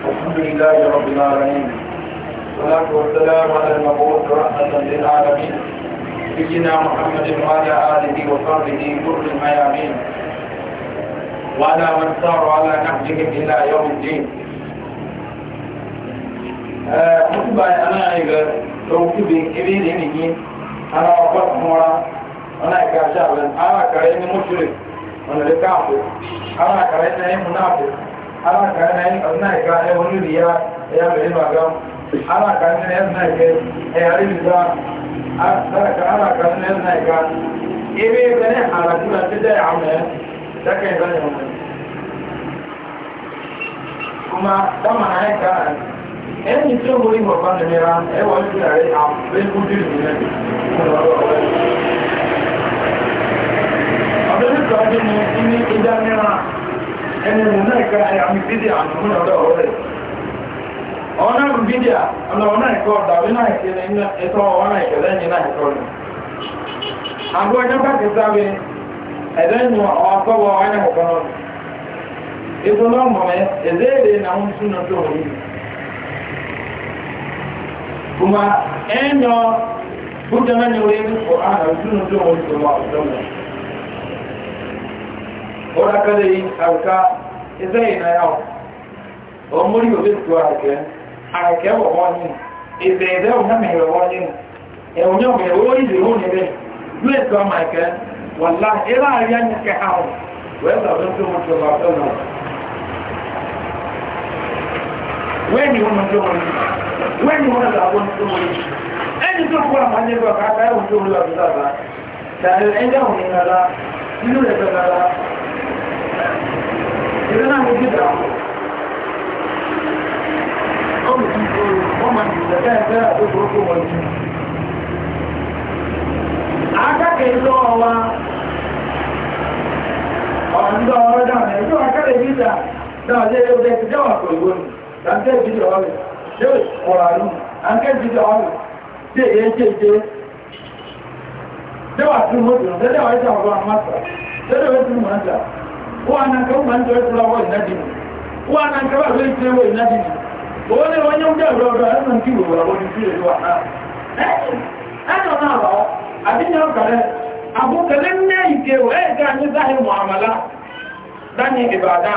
الحمد لله رب العالمين والصلاة والسلام على المبعوث رحمة للعالمين سيدنا محمد وعلى آله وصحبه كل الميامين وعلى من سار على نهجهم إلى يوم الدين آه، خطبة أنا إذا توكبي كبير إني أنا أقول مرة أنا كشاب أنا كريم مشرك أنا لكافر أنا كريم منافق أنا كريم أنا كريم ونبيا يا بني مريم ara kan ní ẹ̀nà ẹ̀kẹ́ ẹ̀yàrí ìgbà ara kan ní ẹ̀nà ẹ̀ka ebe ẹgbẹ́ ní ara tí wọ́n ti dẹ́ àwọn ẹ̀ dákẹ́ ìgbà ní ọmọ kuma dama na ẹ̀ka ẹni tí ó mú ìwọ̀n bá ní mìíràn ẹwà ní ìyàrí àpẹẹkú dì ní ẹ̀ ọdún ní kọ́ọ̀dún ní ìdá mìíràn ẹni mú náà ẹ̀ka ẹ̀yà mi bídì àmì mú ọ̀dọ́ ọ̀rẹ́ ọ̀nà rùbídíà ọ̀nà ọ̀nà ẹ̀kọ́ ọ̀dàwí náà ìkẹlẹ̀ ẹ̀tọ́ ọ̀nà ìkẹlẹ̀ ẹ̀yìn náà ẹ̀kọ́ rẹ̀ àgọ́ ẹ̀yọ́ bá kẹta bí ẹ̀dẹ́yìn ọ̀pọ̀wọ̀ ọ̀nà ọ̀pọ̀ náà ètò náà mọ̀ ẹ́ ẹ̀dẹ́ẹ̀rẹ̀ náà ń súnà tó wọ̀nyí kuma ẹ̀yọ́ bújọ náà nyẹ wọ́n kọ̀ ánà súnà tó wọ̀nyí tó wà ọ̀dọ́ mọ̀ ọ̀dà kẹlẹ̀ yìí àbùká ẹ̀dẹ́yìn náà yà ọ̀ ọ̀mọ́rí òbí tó wà kẹ́ àìkẹ́ wọ̀ wọ́n nínú ìbẹ̀ ìbẹ̀ òun náà mẹ̀rẹ̀ wọ́n nínú ẹ̀wọ̀n yóò mẹ̀rẹ̀ ó ìdè ó níbẹ̀ ló ètò ọmọ àìkẹ́ wọ̀n lá ilá àrí ẹni kẹ́ àwọn wẹ́ẹ̀sà tó ń tó mọ̀tò wà tó lọ. wẹ́ẹ̀ni wọn tó wọn wẹ́ẹ̀ni wọn làwọn tó wọn ẹni tó kọ́ àmà ní ẹgbẹ́ kàkà ẹ̀wọ̀n tó wọn lọ́dún dábàá tàbí ẹjẹ́ òun ní nàlá nínú ẹ̀fẹ́ nàlá ìrẹ́nà mi dìbà ọmọ ìjẹ̀kẹ́ ẹgbẹ́ àtòkòókò wọ̀nyí. Akẹ́kẹ̀ẹ́ ìlú ọwa ọ̀dọ́ ọ̀rọ̀dá rẹ̀ tó akẹ́lẹ̀ ìgbìdà náà lé ọdẹ ti jẹ́wà pẹ̀lú òní. Láńkẹ́ ìgbìdà ọ̀rẹ̀ ṣé ọ̀rọ̀ àrùn, àńkẹ́ ìgbìdà ọ̀rẹ̀ ṣé èyẹ ṣe ṣe. Jẹ́wà tún mọ́tò, jẹ́wà ìjà ọ̀rọ̀ àmásà, jẹ́wà tún mọ́tò. Wọ́n á nà kẹ́ òun ni wọ́n yóò jẹ́ ọ̀rọ̀ ẹ̀rùn kí wò wọ́n ní sí ìlú àná ẹ̀rọ náà lọ àdínyàn kàrẹ àbúkẹ̀lẹ́ ní ìké wọ ẹ̀ẹ́gá ní záhì mọ̀hàmàlá dání ìbàdá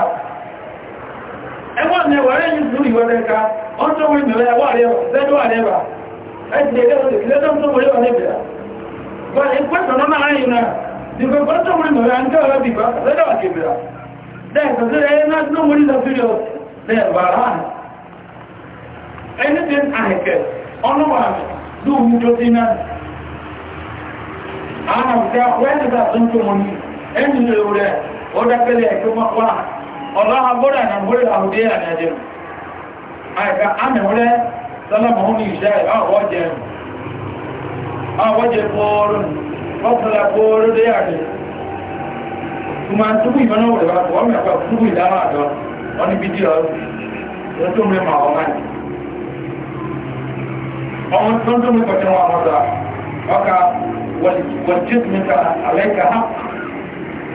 ẹwọ́n ni wọ́n yìí sùúrù ìwọ́dẹ́ ká ọ́n tó wí mẹ́rẹ́ ẹwọ́ àrẹ́wà lẹ́dọ́ àrẹ́wà ẹ̀ẹ́dì lẹ́dọ́ tó wọlé wọn níbẹ̀ wọ́n ni pẹ́sàn náà ayé náà ti fẹ́ pẹ́ tó wí mẹ́rẹ́ ẹ̀ńkẹ́ ọ̀rẹ́ bìbá lẹ́dọ̀ àkèbìrà dẹ́ẹ̀kọ̀ sí ẹ̀yẹ náà tó wọlé lọ sí anything I can, honorable, do mutual dinner. And I'm there, where does that come from? Any little there, or that belly, I come up one. Allah, I'm good and I'm good out there and I do. I got, I'm a good, Salam Honi Shai, I watch him. I watch it for, what's that for there? Tuma tubu ìmọ̀ náà wọ̀lẹ̀ bá tó wọ́n mẹ́fà tubu ìdáwà àjọ, wọ́n ní bídí ọ̀rọ̀, wọ́n tó mẹ́fà ọ̀gá yìí. أو تنظم كتنوى مرضى وكا والجسم عليك حق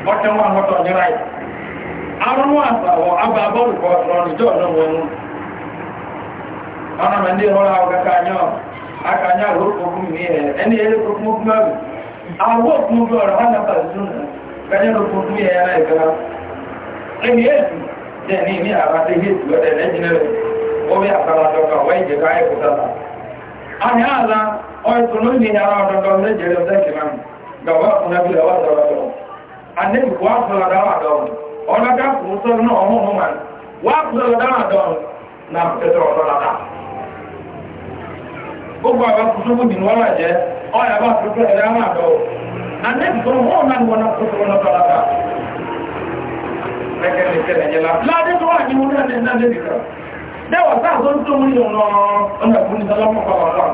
وكتنوى مرضى جرعي أرنوا أصابوا أبا أبو القواتراني جو نمونون أنا من دي هولا وكتنوى أكتنوى الهرقكم ميه أني يلقكم مكمل أعوكم جوار هذا فالسنة كان يلقكم ميه يا ميكرا أني يلقكم ní ní àbáté hìtù ẹ̀lẹ́jìnlẹ̀ omi àtàràjọ́kà wọ́n ìjẹ̀ká ẹ̀kùtàlá ahịa ala ọtụrụ ndị nyara ọdọdọ ndị jere ọdọ ekele ahụ gawa akwụnabila wa dọrọ dọrọ anemi wa kpọrọ dawa dọrọ ọdọdọ akwụrụ sọrọ na ọmụmụ ma wa kpọrọ dawa dọrọ na pẹtẹ ọdọ dada gbogbo àwọn akùsùnkù dì wọn àjẹ ọyà bá kùsùnkù ẹ̀rẹ́ àwọn àdọ̀ anemi sọrọ wọn náà wọn dẹ́wọ̀ sáà tó ń tó mú ní ọ̀nà ọ̀nà ìfúnni sọlọ́mọ̀ pa wà lọ́wọ́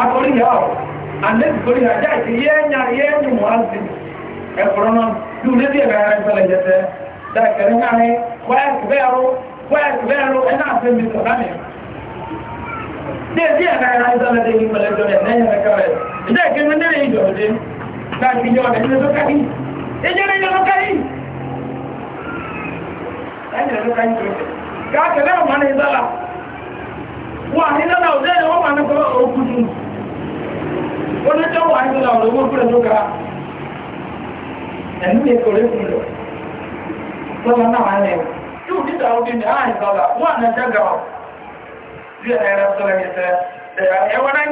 akọrí yà ọ̀ àlẹ́sì kọrí yà já ìsì yẹ́nyà yẹ́nyì mọ̀hásí ẹ̀kọ̀rọ̀ náà tí ó lé bí ẹ̀rẹ́ ẹ̀sọ́lẹ̀ jẹ́sẹ̀ dákẹ̀rẹ́ náà ní kwẹ́ẹ̀kì bẹ́ẹ̀rọ kwẹ́ẹ̀kì bẹ́ẹ̀rọ ẹ̀ náà fẹ́ mi sọ̀rọ̀ mi déèdì ẹ̀rẹ́ ẹ̀sọ́lẹ̀ dé yìí pẹ̀lẹ́ jọlẹ̀ lẹ́yìn ẹ̀kẹ́rẹ́ ìdẹ́ẹ̀kẹ́ mi nílẹ̀ ìjọ̀dé láti yọ ọ̀dẹ̀ ẹ̀yìn ẹ̀rọ ká ń jẹ káàkiri ọmọ ní wà ní ìdọ́là òjẹ́ ìwọ́ wà ní ọkùnrin ó ní tó wà ní ìdọ́là òjò owó kúrẹ̀ tó ga náà wà ní ẹ̀wọ̀ yóò ní ìdọ́là òjò ní àárín ìdọ́là wà ní ẹjẹ́ gà ọ́ sí ẹ̀rọ sọ́lẹ̀ yẹtẹ ẹ̀wọ̀n náà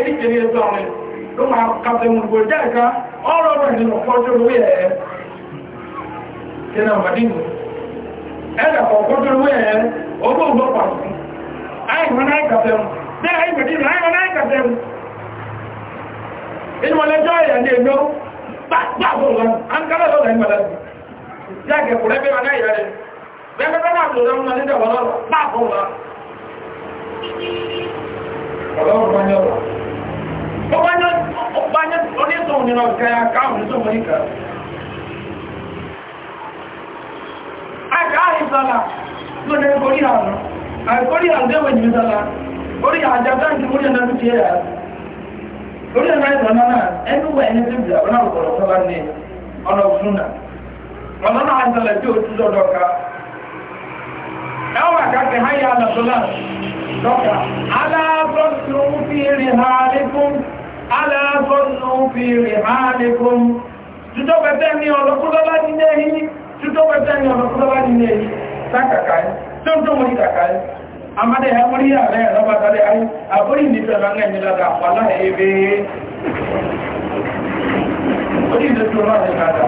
ní ẹgbẹ́ ló máa kàtẹ̀ mú gbogbo jẹ́ ẹ̀ká ọ̀rọ̀ rẹ̀ nínú ọjọ́ orí ẹ̀ na àmàdínú ẹ̀dà ọjọ́ orí ẹ̀ ọgbọ́ ọgbọ́ pàtàkì àìmọ́ náà kàtẹ̀ mú bẹ́ẹ̀ àìmọ̀dínú àìmọ́ náà kàtẹ̀ mú inú ọlẹ́jọ́ ẹ̀yà ní ẹ̀lọ́ pàtàkì ọ̀rọ̀ àǹkálẹ̀ lọ́rẹ̀ ìmọ̀lẹ́sì jáàkẹ̀ kò rẹ́bẹ̀ wọn náà ìyá rẹ̀ bẹ́ẹ̀ bẹ́ẹ̀ náà lọ́rẹ̀ wọn nígbà wọn lọ́rọ̀ pàtàkì ọ̀rọ̀ ọlọ́run bá ní ọ̀rọ̀ ọgbányẹ onítòun nínú ọ̀gá akáhùn nítorí mọ̀ níkà akáhì sọ́lá lónà ìkórí àrùn àìkórí àrùn déwẹ̀ jù sọ́lá orí àjàdá ìdí orí ẹ̀nà tó tiẹ̀ rà orí ẹ̀nà ìtàn náà ẹnu wẹ̀ ẹni tó bìí àwọn àwòkọ̀rọ̀ sọ́lá ní ọ̀nà òfúnà ọ̀nà náà àìsànlẹ̀ tí ó tú sọ́dọ̀ ká ẹwà kàkẹ́ háyà àlàsọ́lá lọ́kà aláàbọ̀ tó ń fi rí ha lẹ́kùn aláàtọ́nù fi rìmáàlékún títọ́ pẹ̀tẹ́ ní ọ̀lọ́kúlọ́lá nílé yìí títọ́ pẹ̀tẹ́ ní ọ̀lọ́kúlọ́lá nílé yìí sákàkàí tó ń tó mọ̀ ní kàkàí amma dai haƙuri a rai raba ta dai ai a gurin da ta ranar yi lada wala ya ebe gurin da tura da lada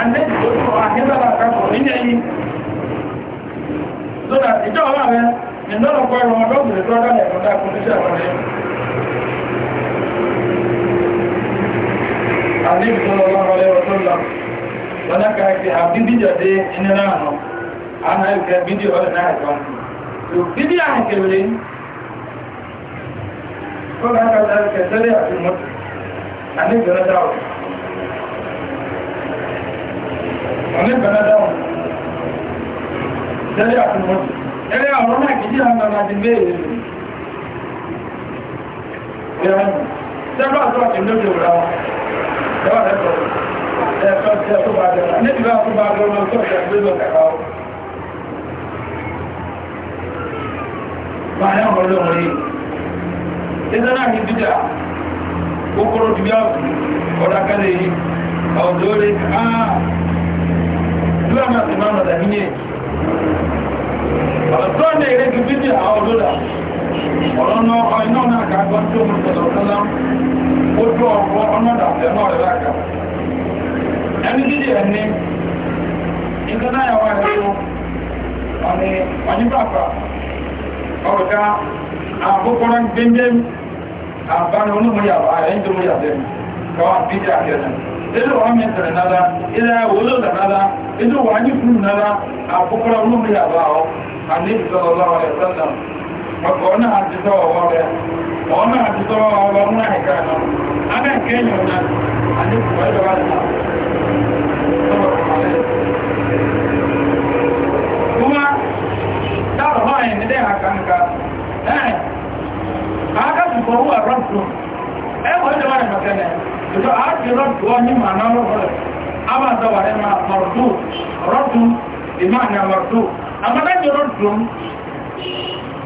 annan da tura a hira da ka kuri ne yi so da ita wa ba ne nuna kwayar wa don da tura da ya mata kuma shi a wani النبي صلى الله عليه وسلم هناك في عبد بيجا دي إننا نحن أنا يمكن بيجي ولا نحن بيجي عن كبرين كل هذا ذلك سريع في المسجد النبي ندعوه النبي ندعوه سريع في المسجد سريع ورانا كتير هم ما تنبيه يعني ìjọba àtúwà tí ló lè rà wọ́n ẹ̀kọ́ ẹ̀kọ́ tí ẹ̀kọ́ bá jẹ́ níbi bá fún bá jẹ́ ọmọ tó ṣe gbé lọ kàkà ó máa yọ̀rọ̀ lóhun rí ìdáná àti dídà kókóró ti bí àwọn ọ̀dàkálẹ̀ yìí ọ̀dọ́ lè ká lọ́nà tí máa nọ̀dà níyẹn ọ̀dọ́ ní ẹ̀rẹ́ kí dídà ọ̀dọ́ dà ọ̀rọ̀nà ọ̀nà náà kàgbọ́ tí ó mú tẹ̀lọ̀tọ́lá ó tó ọ̀pọ̀ ọ̀nàdà tẹ̀lọ̀ rẹ̀ láàkà ẹni dídì ẹni ìtẹ́láyàwó ẹ̀rọ ọ̀nà ọ̀nyíbàfà ọ̀gá àkókòrò gbẹ́gbẹ́ àbáni onímúyàwó ààrẹ ìdúnmúyàwó kọwàá bídì àkẹ́rẹ́ ilé wa mẹ́tẹ̀rẹ̀ nára ilé wòlò nára ilé wa ní fún nára àkókòrò onímúyàwó àníbìsọ̀lọ́lọ́wọ́ ẹ̀sọ́lọ́wọ́ ọkọ̀ náà ti tọ́wọ̀ wọ́n rẹ̀ ọ̀ọ́ náà ti tọ́wọ́ ọwọ́ náà ẹ̀ká náà abẹ́ẹ̀kẹ́ èèyàn náà àdínkù ẹjọba náà tọ́wọ́ kọ̀ọ̀lẹ́ kuma dáwọ̀ náà ẹ̀mí dẹ́ àkànkà ẹ̀ àákàtùkọ̀ wà rọ́pù ẹwọ̀ ẹjọba rẹ̀ mọ̀kẹ́lẹ̀ ìjọ àákì rọ́pù wọn ní màá máa mọ̀rọ̀dù rọ́pù ìmáà ní àmọ̀rọ̀dù àmọ́dájọ́ rọ́pù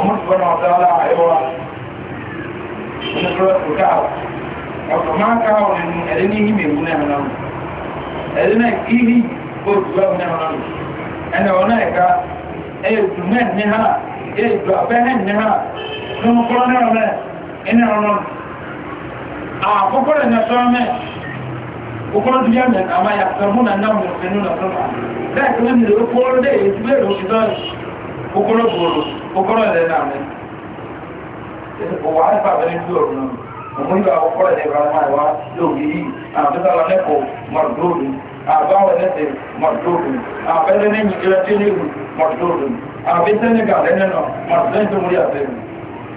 ọmọ tó bọ́nà ọ̀dọ́ ọlá àìwọ́wà ní ọjọ́ òkà ọ̀pọ̀ máa káwọ̀ nínú ẹ̀rẹ́ ní ìhìmẹ̀ ìwú náà náà ẹ̀rẹ́ náà ìhì òtùwẹ́ ìwú náà náà ẹ̀nà ọ̀nà ẹ̀ka ẹ̀yẹ̀dù mẹ́ ní ha ẹ̀yẹ̀dù abẹ́hẹ́ ní ha lọ́mọkọ́rọ́ náà mẹ́ ẹ̀nà ọ̀nà àkọ́kọ́ rẹ̀ nẹ́tọ́ mẹ́ okoro ti yẹ mẹ́ta máa yàtọ̀ mú nà náà mọ̀ ẹ̀nù nà tó bá bẹ́ẹ̀ tó ń kókóró ẹ̀dẹ̀ náà ni òwò àìsà abẹ́rẹ́ sí ọ̀run náà òmú ìgbà kókóró ẹ̀dẹ̀ ìgbà máa wá lórí yìí àbẹ́sàlá lẹ́kọ̀ọ́ mọ̀dúródù àbáwọ̀ lẹ́sẹ̀ mọ̀dúródù àbẹ́sẹ̀ ní ìjìnlẹ̀ tí ní ìlú mọ̀dúródù àbẹ́sẹ̀ ní gàlẹ́ nínú mọ̀dúródù tó múlẹ̀ àtẹ̀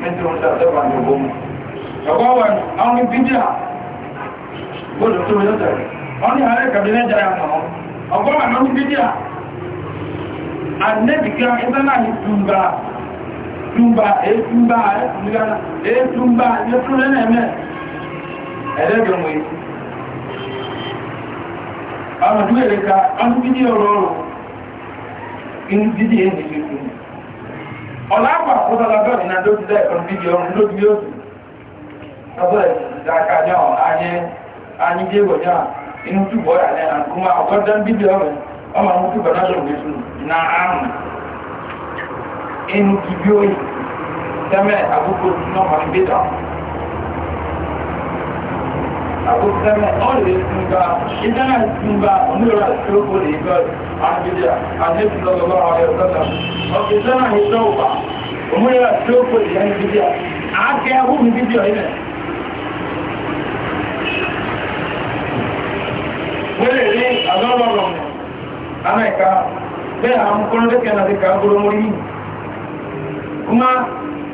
nítorí àtẹ̀ wà ní ògbómù. ẹ̀kọ́ wà ní àwọn ìbíjà gbọ́dọ̀ tó yọ tẹ̀lé wọ́n ní ààrẹ kàbílẹ̀ jẹ́ àmọ́ ọgbọ́n àwọn ìbíjà àdínẹ́bìkà ìtẹ́lá ìtùmbà túnbà ètúnbà ètúnbà ètún lẹ́nẹ̀ẹ́mẹ́ ẹ̀lẹ́gbẹ̀mọ̀ ètú àwọn ọdún ẹ̀rẹ́ta ọdún gidi ọ̀rọ̀ ọ̀rọ̀ inú gidi èyí ṣe fún mi ọ̀lá àpà kọ́tàlábẹ̀ ìrìnà tó ti dẹ́ ọdún gidi ọ̀rọ̀ lóbi yóò tọ́bọ̀ ẹnu ti bí òyìn tẹ́mẹ̀ àkókò tí wọ́n máa ń gbé dà àkókò tẹ́mẹ̀ wọ́n lè tún gba ìdáná tún gba onírà ìṣòro lè gbọ́ àgbèjà àdébì lọ́gọ́gọ́ ọ̀rẹ́ ọ̀sọ́tà ọ̀sẹ̀ tẹ́mẹ̀ ìṣọ́ ọ̀pá onírà ìṣòro lè yẹn gbígbé àákẹ́ ẹ̀hún gbígbé ọ̀yẹ́ wọ́n lè rí àlọ́lọ́rọ̀ kuma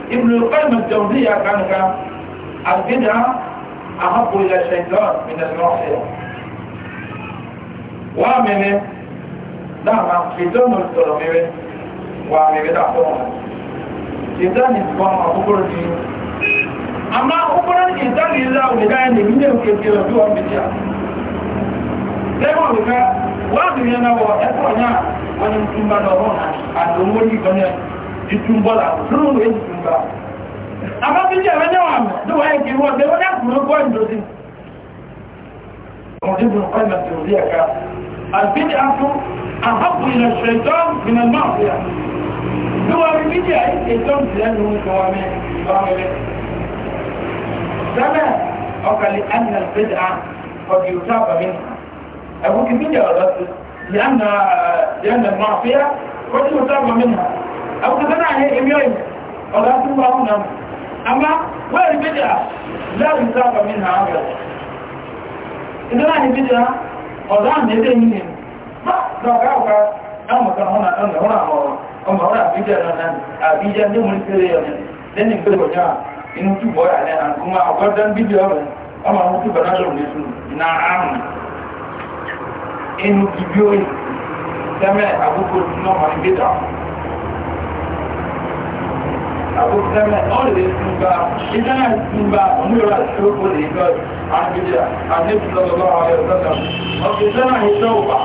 ibn al-qayyim al-jawziyya kanka al-bid'a ahabbu ila shaytan min al-ma'siyah wa mene da ma shaytan al-toro mebe wa mebe da to shaytan is one of the ni amma ukuran shaytan is la u da ne ni ne ke ke do wa bid'a lẹ́wọ̀n nìkan wọ́n á bìnrin náà wọ̀ ẹ̀kọ́ náà wọ́n ní túnbà lọ́wọ́ àti òun ó ní ìgbọ́nyẹ́ ìtúbọ̀ làwọn tó ń wé ìtúbà àmọ́ bí jẹ́ ẹ̀rọ wà mọ̀ ní wáyé kí wọ́n dé wọ́n yàtọ̀ ló kọ́ ìdòdì ọmọdé bùn kọ́ ìmọ̀ tó rí ẹ̀ka àbídì àtú àhọ́pù ilẹ̀ ṣẹ̀tọ́ ìmọ̀ náà fi hàn bí wọ́n rí bídì àyè ṣètọ́ ìlẹ́nu ìfọ̀ wọn mẹ́ ìfọ̀wọ́mẹ́lẹ́ sẹ́lẹ̀ ọkàlẹ̀ ẹ̀nà bídì à ọ̀dì òtá àbàmì ẹ̀kú kí bídì ọ̀dọ́ sí yànnà yànnà máa fi hàn kọ́ abu ka sana ne emiyoyi ọ̀gá tún bá wọn náà amma wọ́n rí bídà láàrín sáàbà mi náà ágbà ìdílá ní bídà ọ̀gá mi dé yìí ne bá dọ̀gá ọ̀gá ẹmọ̀kan wọn náà ọ̀nà wọn àwọn ọmọ wọn àbíjà náà àbíjà ní mo ń kéré ọ̀nà lẹ́ni pé wọ́n yá inú túbọ̀ yà ní àkúmọ̀ àgọ́dán bídà ọ̀rẹ́ ọmọ àwọn túbọ̀ náà lòun lẹ́sùn náà àrùn inú ibi ó yìí sẹ́mẹ̀ àgbógbó náà mọ̀ ní bídà ọ̀rẹ́ àbúkẹ́mẹ́ ọ̀rẹ́ ìtúnba ìdáná ìtúnba múra ìṣòro ìjọ àgbèjà àdébùsọ̀lọ́lọ́ àwọn ọ̀sọ́dọ̀ ọ̀sẹ̀ ìdáná ìṣòwò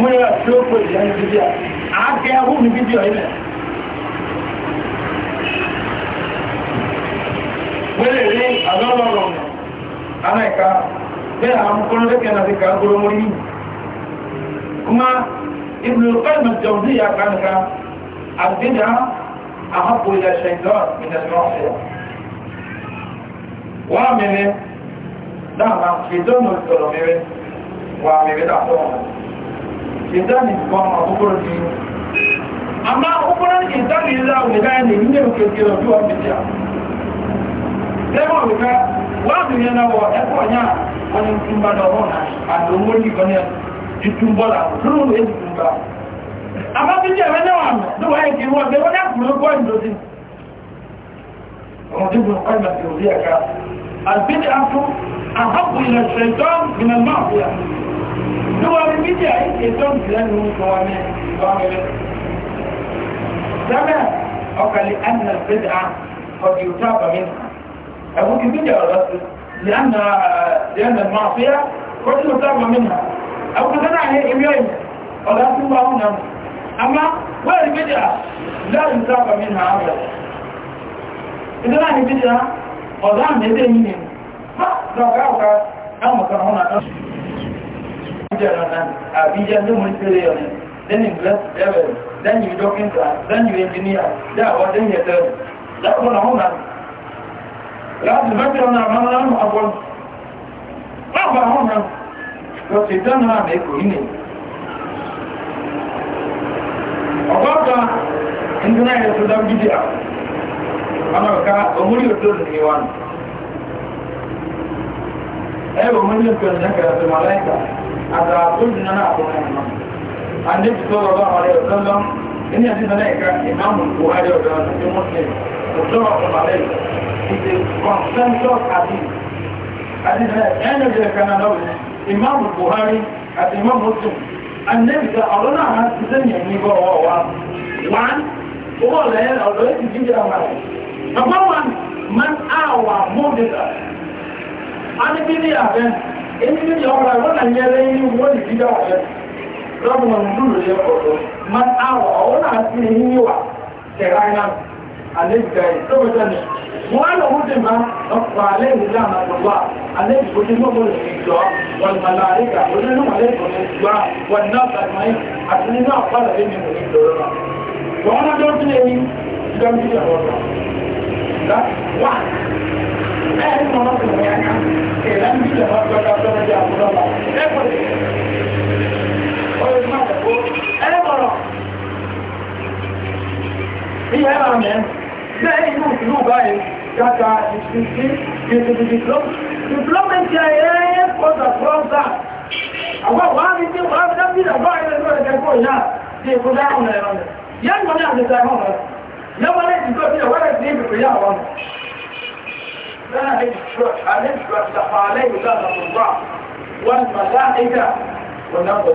múra ìṣòro ìjọ àgbèjà àákẹ́ ahúnú fídíò ilẹ̀ wẹ́lẹ̀ rí àlọ́lọ́rọ̀ anáìka bẹ́ẹ̀ àwọn kọ́lọ́lẹ́kẹ́ náà ti kà á gbọ́rọ̀ mọ́rí yìí kuma ibùdó kọ́lùmọ̀ jọ̀ọ́ أحب إلى الشيطان من المعصية وعمل دعما شيطان الظلمين وعمل دعما شيطان الظلم أبقر الدين أما أبقر الإنسان إلا ولكان يمنع كثيرا جوا بيتيا Dẹ́mọ̀ wípé wọ́n ti yẹn náwọ̀ ẹ̀kọ́ ọ̀yá wọn ni túnbà lọ́wọ́ náà àti owó ní ìgbọ́nà ìtúnbọ́là lóòrùn èdè túnbà. àbábíjẹ̀ rẹ̀ náà lówà ìdí wọn gbé wọ́n dákùn ló gbọ́ ìlòdì ọmọdé bí ọkọ̀ ìgbà tí ó rí ẹ̀ka àbíjì afún àhọ́pù ilẹ̀ ṣẹ̀tọ́ ìmẹ̀ máa fi à lówà rí bíjì àìsí ètò ìlẹ́nu tó wà ní ìgbàmẹ́lẹ́ sábẹ́ ọkàlẹ̀ ẹ̀nà bíjì à ọdí òtú àbàmí ẹ̀kú kí bíjì ọ̀rọ̀ sí لأن المعصية كل متابع منها أو كتنا عليه إبراهيم ولا تنبعون أمسك أما والبدعة لا انتاب منها أبدا إذا لا البدعة وضعنا يدي منهم فذكرك أما كان هنا Abidjan ló mú ní pẹ̀lú ẹ̀yọ̀ ni, then you bless heaven, then you doctor, then you engineer, that was in your turn. That was a woman. Láti mẹ́fẹ́ ọ̀nà àmàmà àwọn àwọn àwọn àwọn àwọn àwọn àwọn àwọn àwọn ọgbọ́gbọ́ ndị na-enye sọdọ mgbidi a ọnọka omuri odo dị n'iwa nọ ebe omuri odo dị nekere sọ malaika ada ozi na na-akwụ na ịma ndị tụtụ ọgbọ amara odo nọ ndị ndị na na-eka imamu buhari odo nọ ndị muslim odo ọkụ malaika is a consensus hadith hadith na-enye jere kana nọ imamu buhari àti imamu muslim anẹ́bìkà ọ̀rọ̀ náà wá ti sẹ́yìn ní bọ́ ọwọ́ wa wọ́n owó ọ̀lẹ́ ọ̀rọ̀ èsì jíjẹ́ wa rẹ̀ ọ̀pọ̀ wọn man àwà mọ́bìlà anìbí ní àfẹ́ èmi ní ọ̀rọ̀ ẹ̀rọ náà yẹ lẹ́yìn owó ní jíjẹ́ wa rẹ̀ lọ́wọ́ wọn dúró yẹ ọ̀rọ̀ man àwà ọ̀rọ̀ náà ti ní wà tẹ̀ráyà anẹ́bìkà yìí وأنا هدم فعليه لعنة الله عليه هدمهم الإجزاء والملائكة هدمهم عليهم الإجزاء والناس أجمعين عشان إذا أقبل بهم الإجزاء وأنا قلت لي إذا مش الوضع لا واحد أهل مناطق يعني إذا مش الوضع كابتن يا أبو الله أقبل ويسمع تقول أقبل هي أقبل bẹ́ẹ̀ inú ìlú báyìí kàkà development ayẹyẹ kọ́sà kọ́sà àwọn wàá mi tí wàá mi dábìí náà bá ayẹyẹ lọ́rẹ̀ kẹ́kọ̀ọ́ yá sí èkó dáhùn náà rẹ̀ yẹn mọ̀ ní àdìsá ẹ̀họ́ rẹ̀ yẹn mọ̀ ní ìdíkọ́ sí ẹ̀wọ́ rẹ̀ sí ìbìkú yá wọn. Wọ́n mọ̀ láìka wọ́n náà bọ̀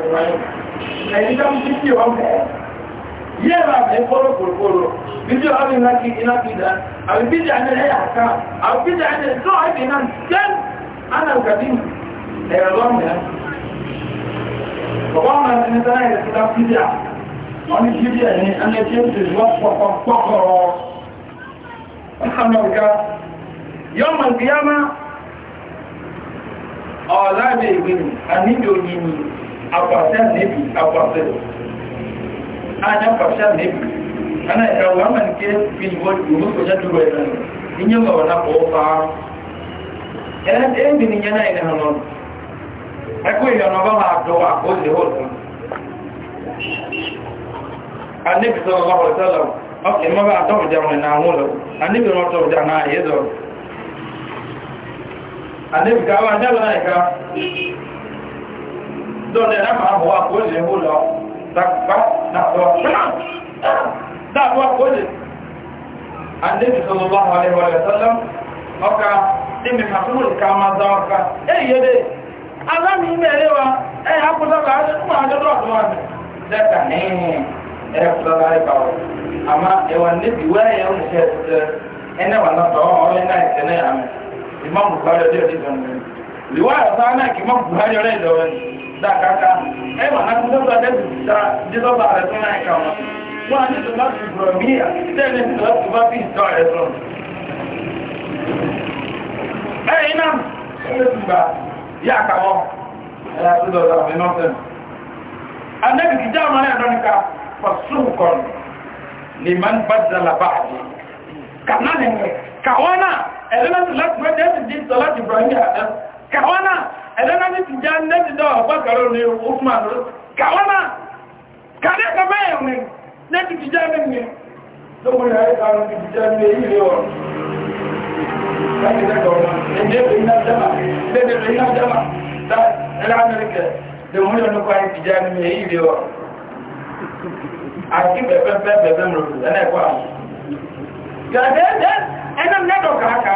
yẹ́ra ẹ̀ kọ́rọ̀ kòrò bíjọ́ ọdún láti inákìdá àbíbíjà ní ẹ̀yà àká àbíbíjà ní ẹ̀sọ́ àìdè náà jẹ́ ánàkàdí ẹ̀rọ lọ́mìnà bàbá wọn àti ní sára ẹ̀rọ sílá bíjà wọn ni bíjà ní ẹnẹ́tí ó ti wọ́n pọ̀pọ̀ pọ̀kọ̀rọ̀ ọ̀hánàwùká yọ́mọ̀ ìgbìyàmá ọ̀lá adam kapshan ne ana ka wannan ke bin wani domin ko jaddu bai nan in yamma wannan eh, ko fa yana da yin binin yana ina hannun ya yana ba ma addu'a ko da hoto annabi sallallahu alaihi wasallam ok ma ba na to na ka wa ka na ma ko takba dàbọ̀ dàbọ̀ kóde àdébì sọlọ́lá àlẹ́wà lẹ́sọ́lọ́ ọka dìmì hàtúrù ìka máa zá ọka èyíyédè alámi mẹ́rẹ́ wa ẹ̀ hapútọ́lá àdébùmọ̀ àjọ́dọ̀ àtúwà mi lẹ́ka ẹ̀yìn ẹ̀rẹ́pútọ́lá ìbáwọ̀ àmá ẹ̀wà níbi wẹ́ẹ̀yẹ̀ oníṣẹ́ ẹ̀sẹ̀ ẹnẹ́wà náà tọ́ ọ̀rẹ́ náà ìṣẹ́ náà yà mí ìmọ̀ dákàkà ẹ mà náà tó bá dẹ́bi ta dídọ́gba rẹ̀ tó náà kà wọ́n wọ́n á ní tó bá ti bùrọ̀ bí yà tẹ́lẹ̀ tó bá tó bá bí ìtọ́ rẹ̀ sọ. ẹ iná ẹ ti gbà yà kà wọ́n ẹ yà tó dọ̀dọ̀ àmì náà sẹ́nu. anabi kìí dáhùn náà lọ́nà ká fọ́sùn kọ́nù lè máa ń bá dàlà bá àjẹ́ kàná nìyẹn kàwọn náà ẹ̀rọ náà ti láti ẹ̀lẹ́nà ní ti já nẹ́tì náà ọgbàgbàrọ̀ ní Uthman rú kàwọ́nà kàdẹ́kà mẹ́yàn ní nẹ́tì ti já nẹ́tì lókùnrin àríkàrún ti já ní èyí rẹ̀ ọ̀rọ̀ Àti bẹ̀bẹ̀ bẹ̀bẹ̀ mọ̀rọ̀ ẹ̀nà ẹ̀kọ́ àwọn. Gàdẹ́ẹ̀dẹ́ ẹ̀nà mẹ́dọ̀ kàákàá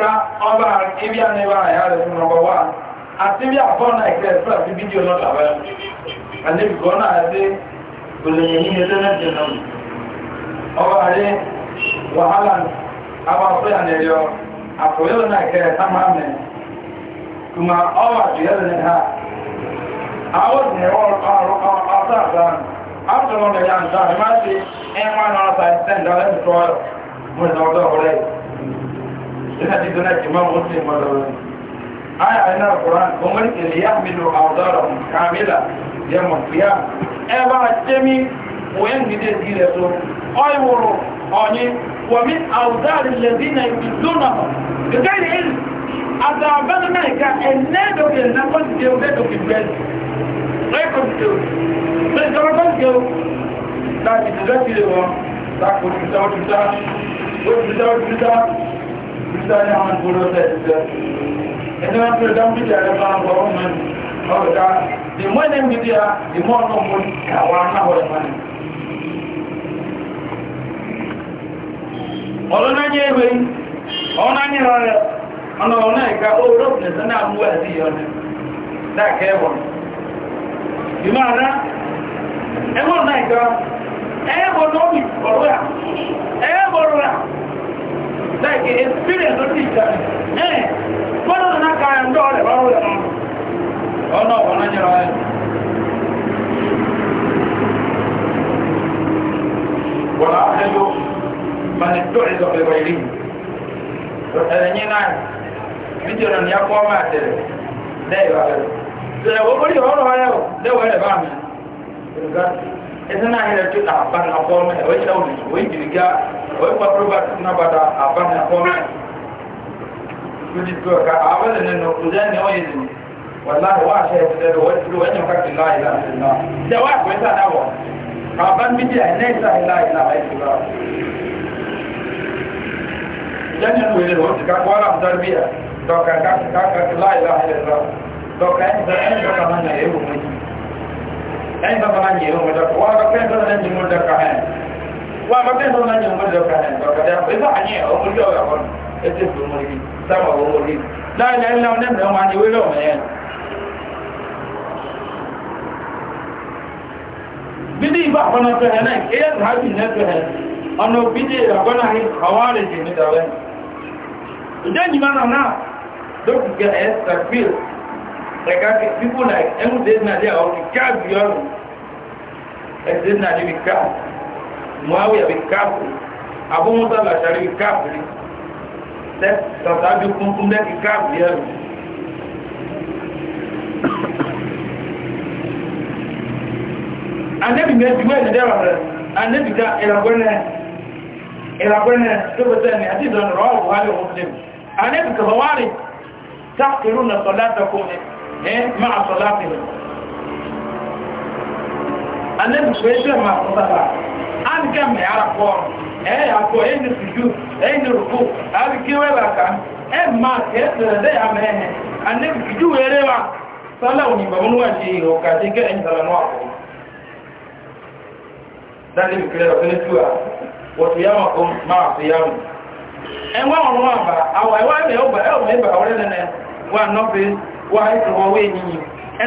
ka ọba ibi a n'ebe a ya rẹ̀ nọmba wa àti bí àbọ̀ náà ìkẹ́ ẹ̀fẹ́ àti fídíò náà làbẹ́ àlébìkọ́ náà àti olèyìn ní ẹjọ́ náà jẹ́ náà ọba rẹ̀ wàhálà àwọn afẹ́yà nẹ̀yọ àfọ̀yọ́ náà ìkẹ́ ẹ̀fẹ́ máa mẹ́ kùmà ọba àjùyẹ́ lẹ́nẹ̀ ha àwọn ìdìnyẹ̀wọ̀ ọ̀tọ̀ àtàn àtọ̀rọ̀ mẹ́yà nǹkan ẹ̀ máa ṣe ẹ̀ máa náà ta ẹ̀sẹ̀ ìdálẹ́ لنا دي دنا إمام مسلم مدرون آية أين القرآن ومن اللي يحمل أوزارهم كاملة يوم القيامة أبا إيه الجميع وين جدي دي لسو أي ورو أني ومن أوزار الذين يبدونهم بغير علم أذابنا ملكا النادو يلنقل ديو ديو في البلد غير كنتو بس جربان جو تاتي تزاتي لهم تاكل كتاب كتاب وكتاب كتاب ìsáyé àwọn ìgbòrò tẹ̀síṣẹ́ ẹni wọ́n fi dán bíjà rẹ̀ máa ń bọ̀ ọ́n mẹ́rin ọ̀gá the more name be there the more no money àwọn anáwọ̀ rẹ̀ máa ní. ọ̀rọ̀ náà yẹ ewé ọ̀rọ̀ náà yẹ rẹ̀ ọ̀nà ọ̀nà ìka ó rọ́pùnẹ̀ sẹ́ni àmú ẹ̀sìn ìyọ̀nà dákẹ́ ẹ̀wọ̀n ìmọ̀ àná ẹ̀wọ̀n náà ìka ẹ̀wọ̀n náà ọ̀rọ̀ like experience of teacher eh bọ́dọ̀ tó náà káyà ń dọ́ ọ̀rẹ́ bá wọ́n lọ́nà ọ̀nà ọ̀nà jẹ́rọ ẹ̀ wọ́n á tẹ́lú mani tó ẹ̀zọ̀ pẹ̀lú ìlú ẹ̀yìn náà nítorí ní akọ́ máa tẹ̀lẹ̀ lẹ́yìn ọ̀rẹ́ tẹ̀lẹ̀ wọ́n bọ́dọ̀ ọ̀rọ̀ ọ̀rẹ́ ọ̀ lẹ́wọ̀ ẹ̀rẹ̀ bá mi ẹ̀sìn náà yẹn tó àbá wọ́n pa proba tó náà bàtà àbámu kọ́ lórí tó ẹ̀ka àbálẹ̀ nínú ọjọ́ ní ọ̀yẹ́ ni wàláhì wọ́n àṣẹ ìṣẹ́ rẹ̀ wọ́n ti wọ́n yẹn káàkiri láàyè láàyè náà jẹ́ wọ́n àpò ìṣà náà wọ̀ bàbá mídíà iná ìṣà láàyè láàyè ìṣura jẹ́ nínú ìlú wọ́n ti ká kọ́ ọ́nà àmúdárbíyà dọ̀kà káàkiri láàyè láàyè ìṣura dọ̀kà ẹni dọ̀kà náà yẹ ewu mọ́ ẹni dọ̀kà náà yẹ ewu mọ́ wa ma bẹ́ẹ̀ náà ní ọmọdé ọ̀kadà ọ̀kadà ẹ̀fọ́ àní ọmọdé ọ̀yàwó ẹ̀tẹ́ fún ọmọdé sábà ọmọdé láìláì ńlá ọ̀nẹ́ mẹ́rin wọn ni wílọ̀ mẹ́rin. bídí ìbá àkọ́nà tó hẹ̀ náà kéyà tó hábì náà tó hẹ̀ ọ̀nà bídí àkọ́nà hì àwọn àrèjì ní dàwẹ́. ìjẹ́ ìyìnbá náà náà lókùnkẹ́ ẹ̀ sàfíl ẹ̀ka people like ẹ̀mú dé nàdí àwọn kíkà bíọ́rù ẹ̀dẹ́ nàdí kíkà muawiya bi káfìrí abu musa làṣàrí bi káfìrí tẹ tàbí kúnkún dẹ́kì káfìrí ẹ̀rù anẹ́bì méjì wẹ́ẹ̀dì dẹ́rọ̀ rẹ̀ anẹ́bì dá ìràgbẹ́nẹ́ ìràgbẹ́nẹ́ tó bẹ̀tẹ̀ ní àti ìdọ̀nà rọ́ọ̀lù wáyé muslim anẹ́bì kàfàwárí táàkìrú na sọ̀látàkùn ní máa sọ̀látàkùn anẹ́bì fẹ́ an kẹ́ mẹ́ ara pọ̀ ẹ̀ àpọ̀ ẹ̀ ní sùjú ẹ̀ ní rùkú àbí kí wẹ́ bàkà ẹ̀ máa kẹ́ sẹ̀rẹ̀ dẹ́ wa. Sala àní sùjú eré wa sọ́lá òní bàbá níwà ṣe ìhò kàdé kẹ́ ẹ̀yìn sọ̀rọ̀ náà pọ̀ dáadé mi kílẹ̀ ọ̀fẹ́ lẹ́tù à wọ̀tí yá wọn kún máa fi yá wọn ẹ̀ wọ́n wọn wọn àbà àwọ̀ ẹ̀ wọ́n ẹ̀ ọgbà ẹ̀ ọmọ ẹ̀bà ọ̀rẹ́ nẹ̀nẹ̀ wọn àná fi wọ́n àìsàn wọn wé yìnyín ẹ̀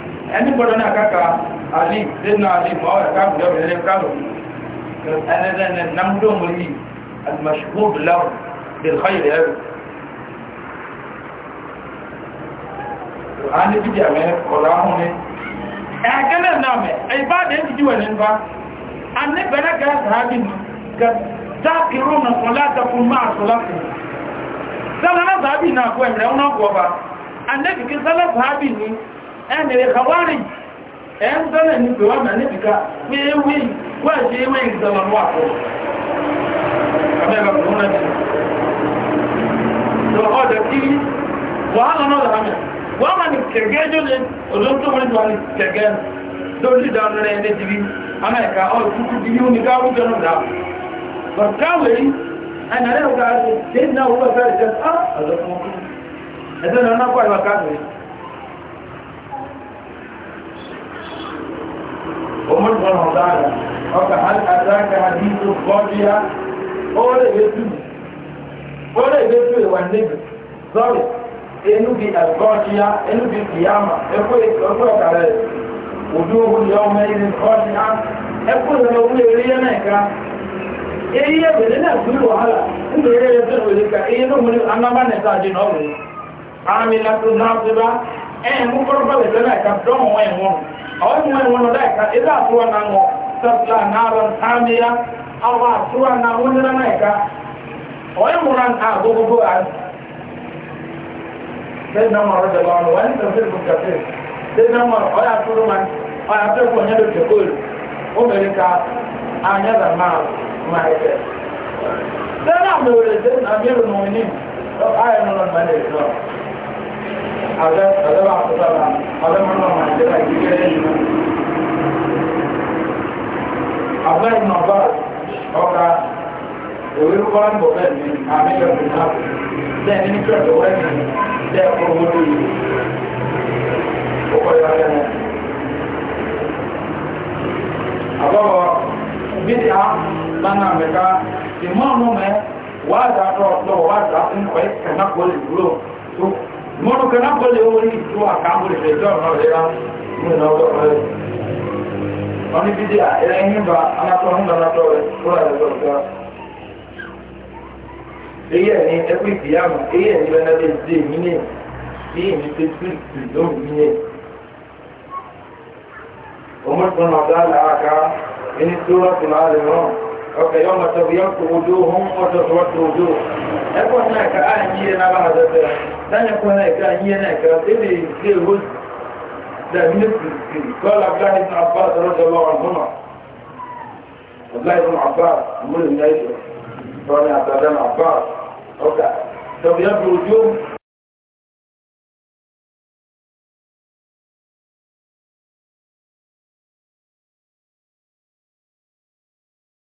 ẹni gbọ́dọ̀ náà káka alì dínà alì mọ́ ẹ̀ká gbọ́dọ̀ ẹ̀rẹ́ kálọ̀ ẹ̀rẹ́rẹ́ nàmúdọ́mọ̀lì alìmọ̀ṣùgbọ́dù láwọ̀ dẹ̀lẹ́kọ́yẹ̀ rẹ̀ rẹ̀ ní bídí àmẹ́ ọ̀rọ̀ ahùn ní ẹ̀kẹ́lẹ̀ náà mẹ́ ìbáde ń jíjú ẹ̀lẹ́ nípa a ní bẹ̀rẹ̀ gẹ́ sàábì mú gẹ́ dákìrò nà kọ́ látàkùn máa sọ láti sálẹ́ sàábì náà kọ́ ẹ̀rẹ́ ní ẹnìyàn kàwárì ẹ̀ ń tọ́lẹ̀ ní pé wọ́n mẹ́ níbìkà pé ewé wọ́n ṣe ewé ìgbàlọ́wọ́ àpọ̀ abẹ́gbẹ̀ fún náà jù ọ̀dẹ̀ kí wàhálà náà lámẹ̀ wọ́n mọ̀ ní kẹ̀kẹ́ jọ ní olóńtò wọn jù wà ní kẹ̀kẹ́ lórí ìdáwọn rẹ̀ ní ti bí amẹ́ka ọ̀ tuntun ti yíò ní káwùjọ náà dá bàtàwé ẹ̀nà rẹ̀ wọ́n ah, ká Umar bin Hudara, ọkà àdáka àdìsó bọ́díà, ó lè gbé tù, ó lè gbé tù ìwà níbi, sọ́rọ̀, inú bí àgbọ́díà, inú bí kìyàmà, ẹkú ẹkú ọ̀kàrẹ̀, òdú ohun ni ọmọ ẹni bọ́díà, ẹkú ìrìn owó eré yẹn náà ká. Èyí ẹ̀bẹ̀rẹ̀ náà tún wàhálà, ń bèèrè ẹ̀sẹ̀ òwe ká, èyí ló mú ní anábánẹ̀ta àdínà ọ̀rẹ́. Àmì làtò náà ti bá, ẹ̀ ń أول من يقول لك إذا أطلعنا مو تطلع نارا حامية أو أطلعنا ولنا ميكا ويمرن أعبوه بوعد سيدنا عمر رضي الله عنه وين تفسير ابن كثير سيدنا عمر أي أطلع من أي أطلع من يدو تقول أمريكا أن يذا ما ما يكفي سيدنا عمر رضي الله عنه أمير المؤمنين آية من الملك அதெல்லாம் அப்படிதான் அதை மட்டும் நம்ம இதெல்லாம் இருக்கவே அப்துல்லா இப்னு அப்பாஸ் அவங்க ஒரு குழந்தை போல அமைக்க அப்படின்னா நினைக்கிற உடனே ஒரு ஒவ்வொரு அப்போ bid'a lana meka imamu me wa da ro lo wa da in ko e kana ko le duro so mọ́nù kan náà pẹ̀lú orí ìtú àkàmù ìṣẹ̀jọ́ ọ̀rọ̀ rẹ̀ rá nínú ọjọ́ rẹ̀ wọ́n ní bídí àìrẹ́ yínbà alákọ̀ọ́hún lọ́nàtọ̀ rẹ̀ fúra rẹ̀ lọ́gbà èyí ẹ̀ ní ẹkú ìfìyàmù èyí ẹ̀ ní bẹ́nẹ́dẹ́ ìdí èmi ní bí èmi ti tú ọmọ ìfọ̀nà ọ̀dà làákà ẹni ọkà yọ ọmọ tọbi yọ kó ojú ohun ọjọ tó wọ́n tó ojú ẹkọ náà ká á yí ẹ náà bá dẹdẹ lẹ́yìn ẹkọ náà ká yí ẹ náà ká ebi ilé ìwé dàbí ní kìkì kọ́lá abdullahi ibn abbas rọ́jọ́ lọ́wọ́ ọ̀húnà abdullahi ibn abbas múlẹ̀ ní ẹ̀ṣọ́ tọ́ni abdullahi ibn abbas ọkà tọbi yọ kó ojú ohun.